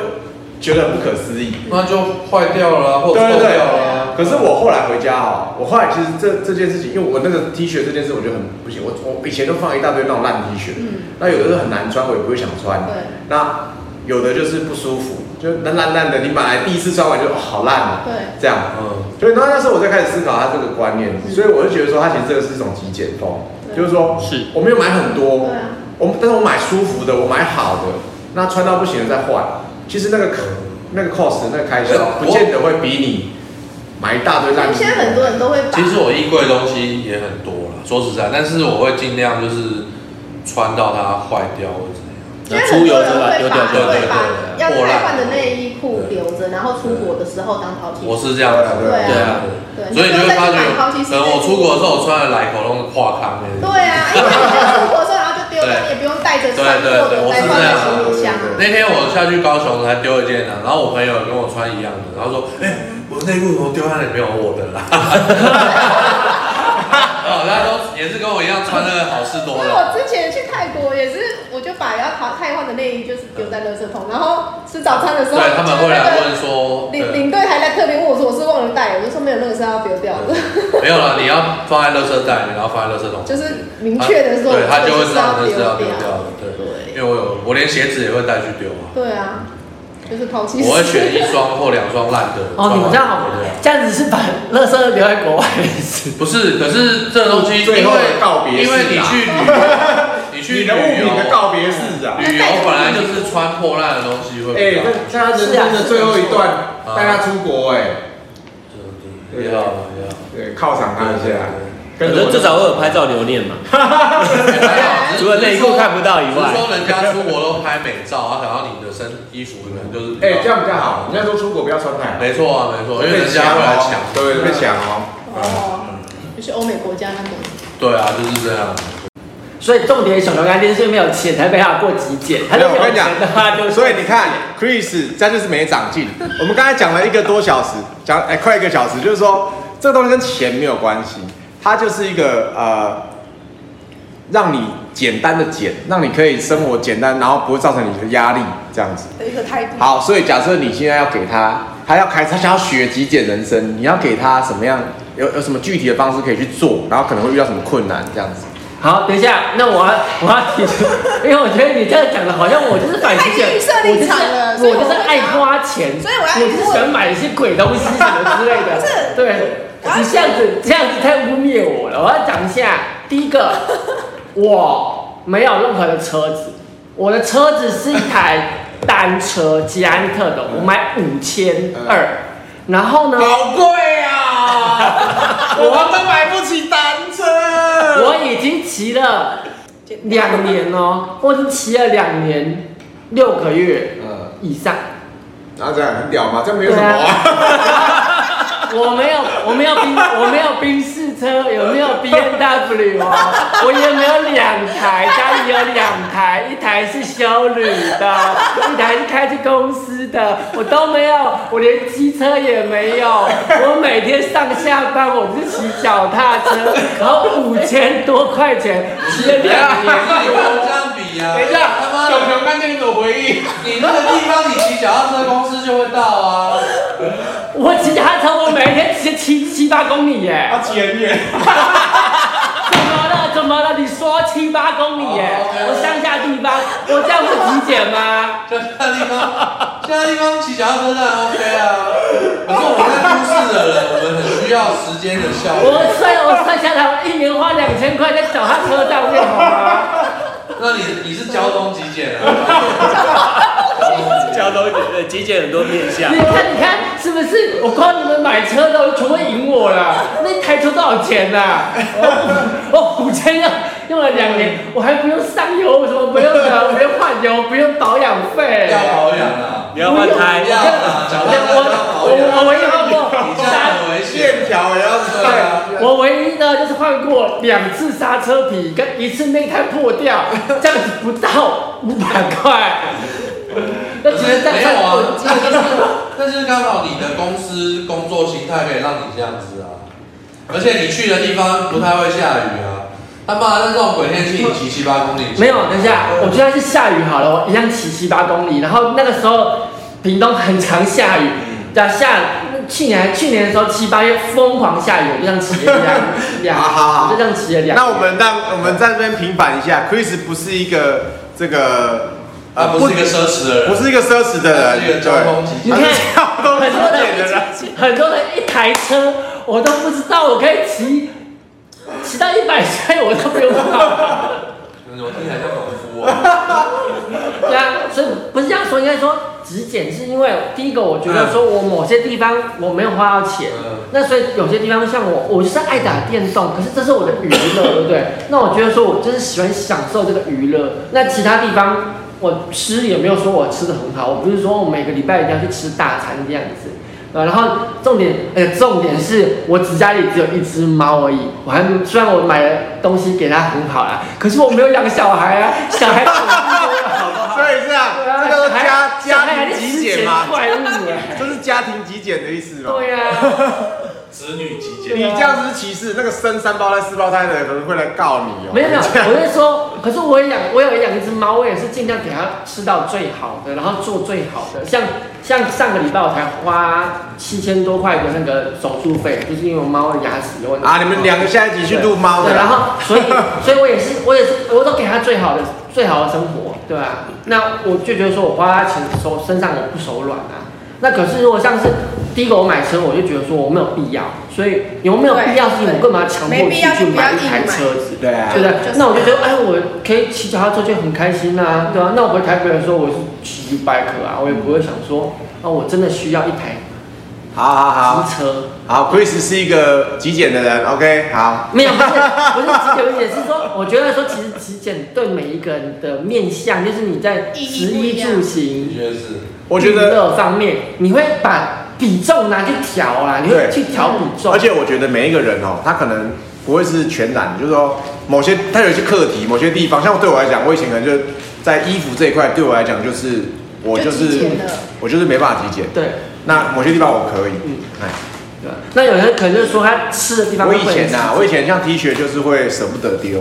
覺得很不可思議，那就壞掉了、啊對對對，或破掉了。可是我後來回家哦，我後來其實這這件事情，因為我那個 T 恤這件事我我就很不行，我我以前都放一大堆那種爛 T 恤、嗯，那有的時候很難穿，我也不會想穿。對，那有的就是不舒服，就爛爛爛的。你買來第一次穿完就好爛了，對，這樣，嗯，所以那那時候我在開始思考他這個觀念，所以我就覺得說他其實這個是一種極簡風，就是說，是我沒有買很多，對，對啊，我但是我買舒服的，我買好的，那穿到不行了再換。其實那個殼，那個 cost 那個開銷不見得會比你買一大堆爛，其實很多人都會。其實我衣櫃的東西也很多了，說實在，但是我會盡量就是穿到它壞掉。出為的多人會把了丟丟對方要帶換的內衣褲留着，然後出國的時候當拋棄。我是這樣子，對、啊對，啊對，啊對，啊、對。對對，所以你覺就在買拋棄，等我出國的時候，我穿了來口看那種垮垮內衣。對啊，因為出國的時候然然對對對對對對、啊，然後就丟掉、啊，你也不用帶着穿對。我是放進行李箱。那天我下去高雄還丟一件呢、啊，然後我朋友跟我穿一樣的，然後說：“哎、欸，我內褲怎麼丟在那裡沒有我的啦？”哦，來。也是跟我一樣穿的好市多了、嗯，因為我之前去泰國也是，我就把要淘汰換的內衣就是丟在垃圾桶，嗯、然後吃早餐的時候，啊、對他們會來問說，領領隊還來特別問我說我是忘了帶，我就說沒有那個要丟掉的，沒有了，你要放在垃圾袋，你要放在垃圾桶，就是明確的說、啊，對，他就會知道那個是要丟掉的，對，對，因為我有，我連鞋子也會帶去丟嘛。對啊。就是、我會選一雙或兩雙爛的。哦，你們這樣好，啊、這樣子是把樂色留在國外。不是，可是這東西最後告別式啊！因為你去旅你去旅 你的物品告別式啊！旅遊本來就是穿破爛的東西會好。不、欸、哎，這這是真的最後一段，帶、啊、他出國哎、欸。你好、啊，你好、啊啊。對，靠場看一下。可能至少會有拍照留念嘛。欸、還好除了內褲看不到以外，說人家出國都拍美照， 啊想要你的身衣服會不就是？哎、欸，這樣比較好。人家都出國不要穿太好……沒錯啊，沒錯、喔，因為人家會來搶啊，對，被搶哦。哦、喔啊嗯，就是歐美國家那種、個。對啊，就是這樣。所以重點，小龍乾爹是沒有錢才被他過極簡。沒有，我跟你講，所以你看 Chris，真的是沒長進。 我們剛才講了一個多小時，講哎、欸、快一個小時，就是說這個東西跟錢沒有關係。它就是一個呃，讓你簡單的減，讓你可以生活簡單，然後不會造成你的壓力這樣子。一個態度。好，所以假設你現在要給他，他要開，他想要學極簡人生，你要給他什麼樣？有有什麼具體的方式可以去做？然後可能會遇到什麼困難這樣子？好，等一下，那我我要提出， 因為我覺得你這樣講的，好像我就是反極簡，我就是我、啊、我就是愛花錢，所以我要、啊，我就是想買一些鬼東西什麼 之類的，是對。你這樣子，這樣子太汙衊我了。我要講一下，第一個，我沒有任何的車子，我的車子是一台單車，捷安特的，我買五千二，然後呢？好貴啊！我買，我都買不起單車。我已經騎了兩年了，喔，我已經騎了兩年六個月，呃，以上。那、嗯、後、嗯啊、這樣很屌嘛，這樣沒有什麼、啊。 我沒有，我沒有賓，我沒有賓士車，有沒有 BMW 哦、啊？我也沒有兩台，家裡有兩台，一台是休旅的，一台是開去公司的，我都沒有，我連機車也沒有，我每天上下班我是騎腳踏車，然後五千多塊錢，騎了兩年，你沒有這樣比啊！等一下，小熊看一朵回憶，你那個地方你騎腳踏車公司就會到啊。 我騎腳踏車，我每天騎七七八公里耶。啊，騎很遠。怎麼了？怎麼了？你說七八公里耶？Oh, okay, okay, okay. 我鄉下地方，我這樣子體檢嗎？上下，鄉下地方，下地方騎腳踏車當然 OK 啊。可是我說，我們都市的人，我們很需要時間的效率。我算，我算下來，我一年花兩千塊在腳踏車上面，好嗎？ 那你你是交通極簡啊？ 交通呃、極簡很多面向。你看你看是不是？我幫你們買車的，我就全部贏我了。那台車多少錢呢？哦，五千要用了兩年，我還不用上油，什麼我不用的，我不用換油，不用，油不用保養費。要保養啊！要換胎，要啊！我我我以後我，我，無線條，我，我，我，我，我，我也要。對，我唯一呢就是換過兩次剎車皮，跟一次內胎破掉，這樣子不到五百塊。沒有啊，那就是、 但是是剛好你的公司工作形態可以讓你這樣子啊， 而且你去的地方不太會下雨啊。他媽那種鬼天氣，騎、嗯、七,七,七八公里沒有，等一下、嗯、我就算是下雨好了，我一樣騎七,七八公里。然後那個時候屏東很常下雨，嗯、要下。去年去年的時候七八月瘋狂下雨，我就這樣 好好好，就像企業一樣，那我們讓我們在這邊平反一下，Chris 不是一個這個、呃、啊不個不，不是一個奢侈的人，不是一個奢侈的人，你看，你看，很多人， 很多人一台車，我都不知道我可以騎騎到一百歲，我都沒有跑。 我聽起來像農夫啊？對啊，所以不是這樣說，應該說極簡是因為第一個，我覺得說我某些地方我沒有花到錢，那所以有些地方像我，我是愛打電動，可是這是我的娛樂，對不對？那我覺得說我就是喜歡享受這個娛樂。那其他地方我吃也沒有說我吃的很好，我不是說我每個禮拜一定要去吃大餐這樣子。啊、然後重點，呃、重點是我只家裡只有一隻貓而已，我還沒雖然我買了東西給它很好啦，可是我沒有養小孩啊， 小孩很多，所以是啊，啊這叫做家家庭極簡嘛，都，就是家庭極簡的意思嘍，對呀，啊。 子女集結，啊、你這樣子是歧視，那個生三胞胎、四胞胎的人可能會來告你哦、喔。沒有沒有，我是說，可是我也養，我有養一隻貓，我也是盡量給它吃到最好的，然後做最好的。像像上個禮拜我才花七千多塊的那個手術費，就是因為貓貓牙齒的問題啊。你們兩個下一集去擼貓。對，然後所以 所以我也是我也是我都給他最好的最好的生活，對啊。那我就覺得說我花錢的時候身上我不手軟啊。那可是如果像是第一個我買車，我就覺得說我沒有必要，所以有沒有必要事情，我幹嘛要強迫你去買一台車子？對，對啊，對不對？那我就覺得，哎、就是哦，我可以騎腳踏車就很開心啊。對啊，那我回台北的時候，我是騎 bike 啊，我也不會想說，啊、哦，我真的需要一台，好好好、好，車。好，Chris 是一個極簡的人，OK，好， 沒有，不是極簡，極 也是說，我覺得說其實極簡對每一個人的面向，就是你在食衣住行，你覺得是？我覺得，娛樂方面，你會把比重拿去調啊，你會去調比重調。而且我覺得每一個人哦，他可能不會是全然，就是說某些他有一些課題，某些地方，像對我來講，我以前可能就在衣服這一塊，對我來講就是我就是就我就是沒辦法體檢。對，那某些地方我可以。嗯，對。那有些人可能就是說他吃的地方，我以前吶、啊，我以前像 T 恤就是會捨不得丟。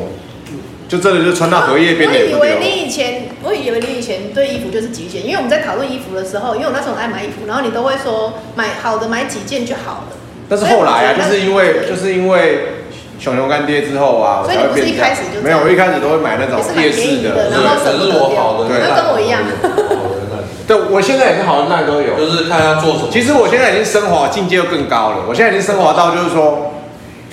就真的就穿到荷葉邊、啊、我以為你以前，我以為你以前對衣服就是極簡，因為我們在討論衣服的時候，因為我那時候愛買衣服，然後你都會說買好的買幾件就好了。但是後來啊，就是因為就是因為熊熊乾爹之後啊，所以你不是一開始就沒有，我一開始都會買那種夜市的，的，然後舍棄好的。那跟我一樣，好的爛。對， 我現在也是好的爛都有，就是看他做什麼。其實我現在已經升華，境界又更高了。我現在已經升華到就是說。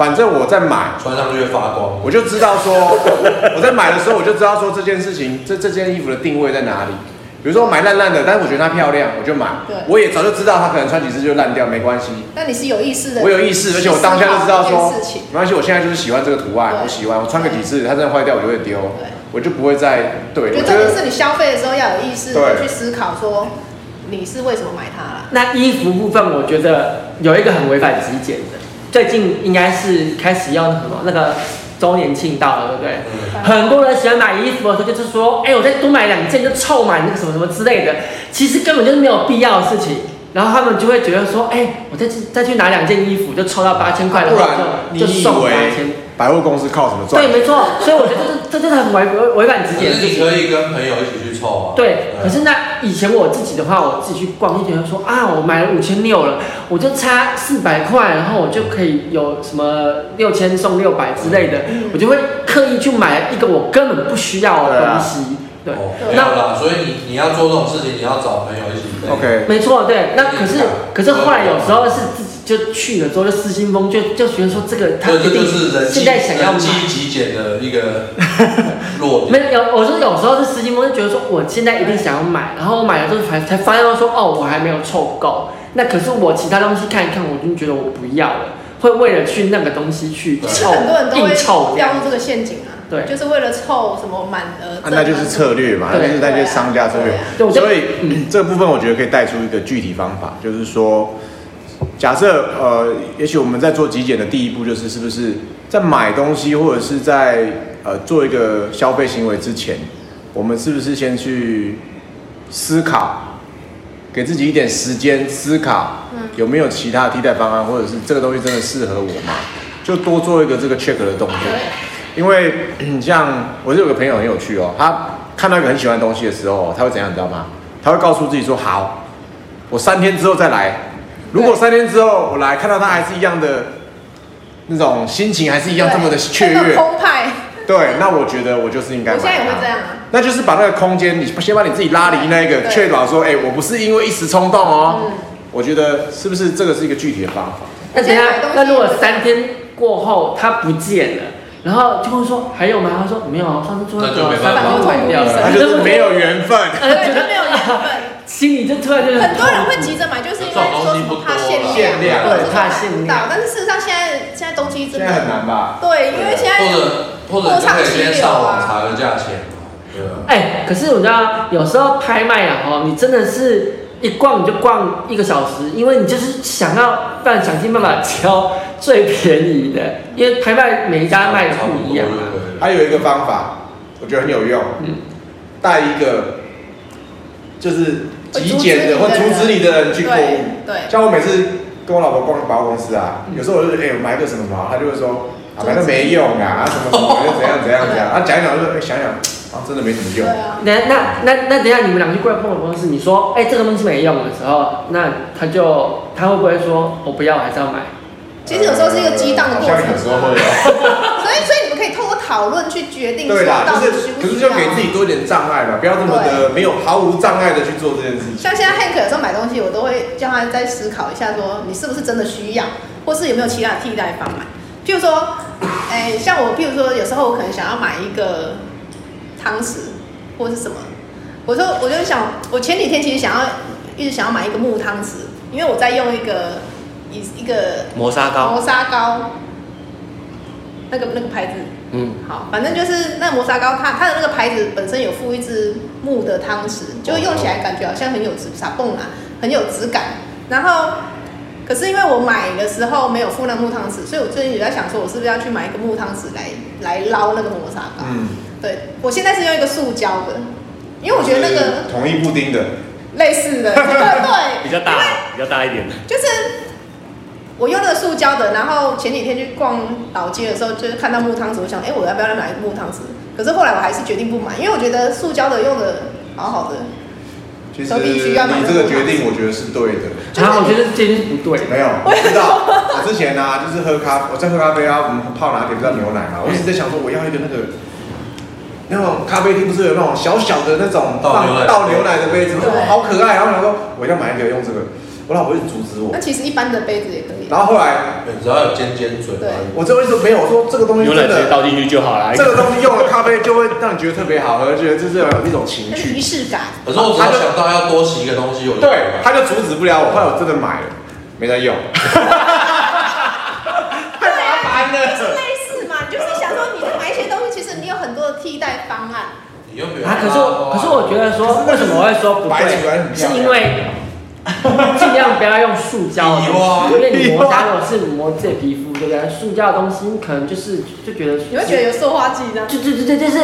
反正我在買，穿上就會發光，我就知道說， 我在買的時候我就知道說這件事情，這這件衣服的定位在哪裡。比如說我買爛爛的，但是我覺得它漂亮，我就買。對，我也早就知道它可能穿幾次就爛掉，沒關係。但你是有意識的？我有意識，而且我當下就知道說，沒關係，我現在就是喜歡這個圖案，我喜歡，我穿個幾次它真的壞掉，我就會丟。對，我就不會再對，對。我覺得這件事你消費的時候要有意識，去思考說你是為什麼買它了。那衣服部分，我覺得有一個很違反直覺的。最近應該是開始要那什麼那個週年慶到了，對不對？對對對對，很多人喜歡買衣服的時候，就是說，哎、欸，我再多買兩件就湊滿那個什麼什麼之類的，其實根本就是沒有必要的事情。然後他們就會覺得說，哎、欸，我再去再去拿兩件衣服，就湊到八千塊的話，啊、就就送八千。百貨公司靠什麼賺？對，沒錯，所以我覺得這這 這是很違違違反直接。其實可，可以跟朋友一起去湊啊。對，可是那以前我自己的話，我自己去逛，一點說啊，我買了五千六了，我就差四百塊，然後我就可以有什麼六千送六百之類的，嗯，我就會刻意去買一個我根本不需要的東西。對、啊，那、哦、所以你你要做這種事情，你要找朋友一起。OK，沒錯，對。那可是可是後來有時候是。自己就去了之後就失心瘋就，就失心瘋就就覺得說這個，他一定現在想要極極簡的一個弱點。 沒有，我說有時候是失心瘋就覺得說，我現在一定想要買，然後我買了之後才才發現說，哦，我還沒有湊夠。那可是我其他東西看一看，我就覺得我不要了，會為了去那個東西去湊。很多人都會掉入這個陷阱啊，對，就是為了湊什麼滿額。那就是策略嘛，就是那些商家策略。啊啊啊、所以、嗯嗯、這個部分我覺得可以帶出一個具體方法，就是說。假設呃，也許我們在做極簡的第一步，就是是不是在買東西或者是在呃做一個消費行為之前，我們是不是先去思考，給自己一點時間思考，有沒有其他的替代方案，或者是這個東西真的適合我嗎？就多做一個這個 check 的動作。因為像我是有個朋友很有趣哦，他看到一個很喜歡東西的時候，他會怎樣，你知道嗎？他會告訴自己說：“好，我三天之後再來。”如果三天之後我來看到他還是一樣的那種心情還是一樣這麼的雀躍、那個、澎湃，對，那我覺得我就是應該買，我現在也會這樣、啊、那就是把那個空間，你先把你自己拉離那個，確保說，哎、欸，我不是因為一時衝動哦、嗯。我覺得是不是這個是一個具體的方法？那等下，那如果三天過後他不見了，然後就會說還有嗎？他說沒有，他們做錯就沒辦法，他把東西掉了，他就是沒有緣分，對，就沒有緣分， 心裡就突然就是、很多人會急着買，就是因為。限量對太限量，但是事實上現在現在東西真的很難吧？對，對因為現在或者或者你就可以先上網查個價錢，對哎、啊欸，可是你知道，有時候拍賣啊，哦，你真的是一逛你就逛一個小時，因為你就是想要辦，想盡辦法挑最便宜的，因為拍賣每一家賣的不一樣。還、啊、有一個方法，我覺得很有用，嗯，帶一個就是極簡的,的或阻止你的人去購物對，對，像我每次。跟我老婆逛個百貨公司啊，有時候我是哎買個什麼，她就會說、啊，買個沒用啊，什麼什麼怎樣怎樣怎樣，啊講一講就是哎想想，啊真的沒什麼用、啊啊。那那那那等下你們兩倆去逛百貨公司，你說哎、欸、這個東西沒用的時候，那他就他會不會說我不要還是要買？其實有時候是一個激盪的過程。有時候會、啊。 討論去決定說到底是需不需要，對啦，就是可是就給自己多一點障礙吧，不要這麼的沒有毫無障礙的去做這件事情。像現在 Hank 有時候買東西，我都會叫他再思考一下說，說你是不是真的需要，或是有沒有其他的替代方案。譬如說，哎， 像我，譬如說，有時候我可能想要買一個湯匙，或是什麼。我說，我就想，我前幾天其實想要一直想要買一個木湯匙，因為我在用一個一一個磨砂膏，磨砂膏，那個那個牌子。嗯，好，反正就是那磨砂膏，它、它的那個牌子本身有附一隻木的湯匙，就用起來感覺好像很有質，SABON 啊，很有質感。然後，可是因為我買的時候沒有附那木湯匙，所以我最近也在想說，我是不是要去買一個木湯匙來、來撈那個磨砂膏？嗯，對，我現在是用一個塑膠的，因為我覺得那個統一布丁的類似的，對， 比較大，比較大一點的，就是。我用那個塑膠的，然後前幾天去逛老街的時候，就是看到木湯匙，我想，哎、欸，我要不要來買木湯匙？可是後來我還是決定不買，因為我覺得塑膠的用的好好的。其實你這個決定，我覺得是對的。然後我覺得這件事不對。沒、嗯、有，我知道。我之前呢、啊，就是喝咖啡，我在喝咖啡啊，我、嗯、們泡拿鐵不知道牛奶嘛、嗯，我一直在想說，我要一個那個、欸、那種咖啡廳不是有那種小小的那種倒牛倒牛奶的杯子，好可愛，然後我想說，我要買一個用這個。我老婆一直阻止我。那其實一般的杯子也可以。然後後來，只要有尖尖嘴。對。我最後一直沒有，我說這個東西有真的有倒進去就好了。這個東西用了咖啡就會讓你覺得特別好喝，嗯、覺得就是要有一種情緒儀式感、啊。可是我只要想到要多洗一個東西，我就、啊、就、就對，他就阻止不了我，後來我真的買了，沒再用 呢。對啊，是類似嘛？就是想說，你買一些東西，其實你有很多的替代方案。你啊？可是可是我覺得說、嗯，為什麼我會說不對？是、是、白很漂亮是因為。盡 量不要用塑膠的，因為你磨砂，那種是磨自己皮膚，對不對？塑膠的東西可能就是就，就覺得你會覺得有塑化劑呢。就就是、就就是，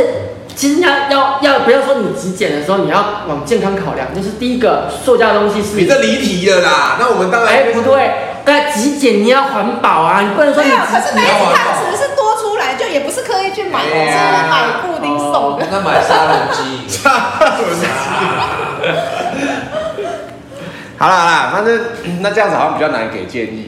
其實你要要要不要說你極簡的時候，你要往健康考量，就是第一個塑膠的東西是。比較離題的啦，那我們當然哎不對，那極簡你要環保啊，你不能說你極簡。對啊，可是每次它只是多出來，玩玩就也不是刻意去買，只是、啊、買布丁送的、嗯。那買殺人機。好啦好啦，反正，那這那這樣子好像比較難給建議。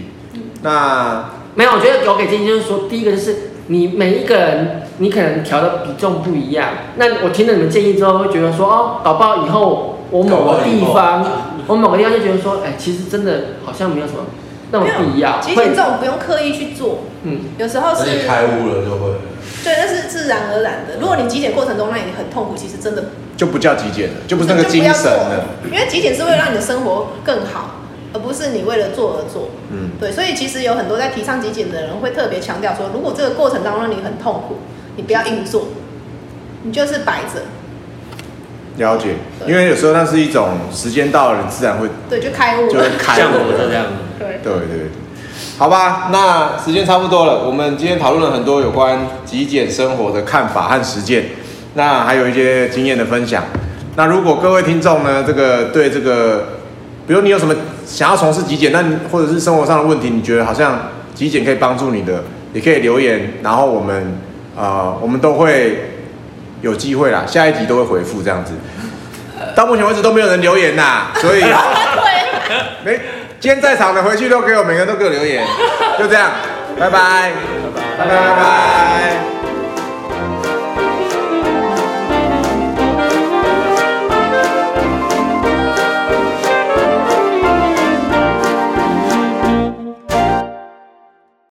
那沒有，我覺得有給建議就是說，第一個就是你每一個人，你可能調的比重不一樣。那我聽了你們建議之後，會覺得說哦，搞不好以後我某個地方，我某個地方就覺得說，哎、欸，其實真的好像沒有什麼那種必要，其實這種不用刻意去做。嗯，有時候是自己開悟了就會。對，那是自然而然的。如果你極簡過程中讓你很痛苦，其實真的就不叫極簡了，就不是那個精神了。因為極簡是為了讓你的生活更好，而不是你為了做而做。嗯，對。所以其實有很多在提倡極簡的人會特別強調說，如果這個過程當中你很痛苦，你不要硬做，你就是擺着。了解，因為有時候那是一種時間到了，你自然會對，就開悟，就開悟了這樣 對。對對對。好吧，那時間差不多了。我們今天討論了很多有關極簡生活的看法和實踐，那還有一些經驗的分享。那如果各位聽眾呢，這個對這個，比如你有什麼想要從事極簡，那或者是生活上的問題，你覺得好像極簡可以幫助你的，你可以留言。然後我們，呃，我們都會有機會啦，下一集都會回復這樣子。到目前為止都沒有人留言吶，所以沒， 今天在場的回去都給我，每個人都給我留言， 就這樣，拜拜、拜拜、拜拜、拜拜、拜拜。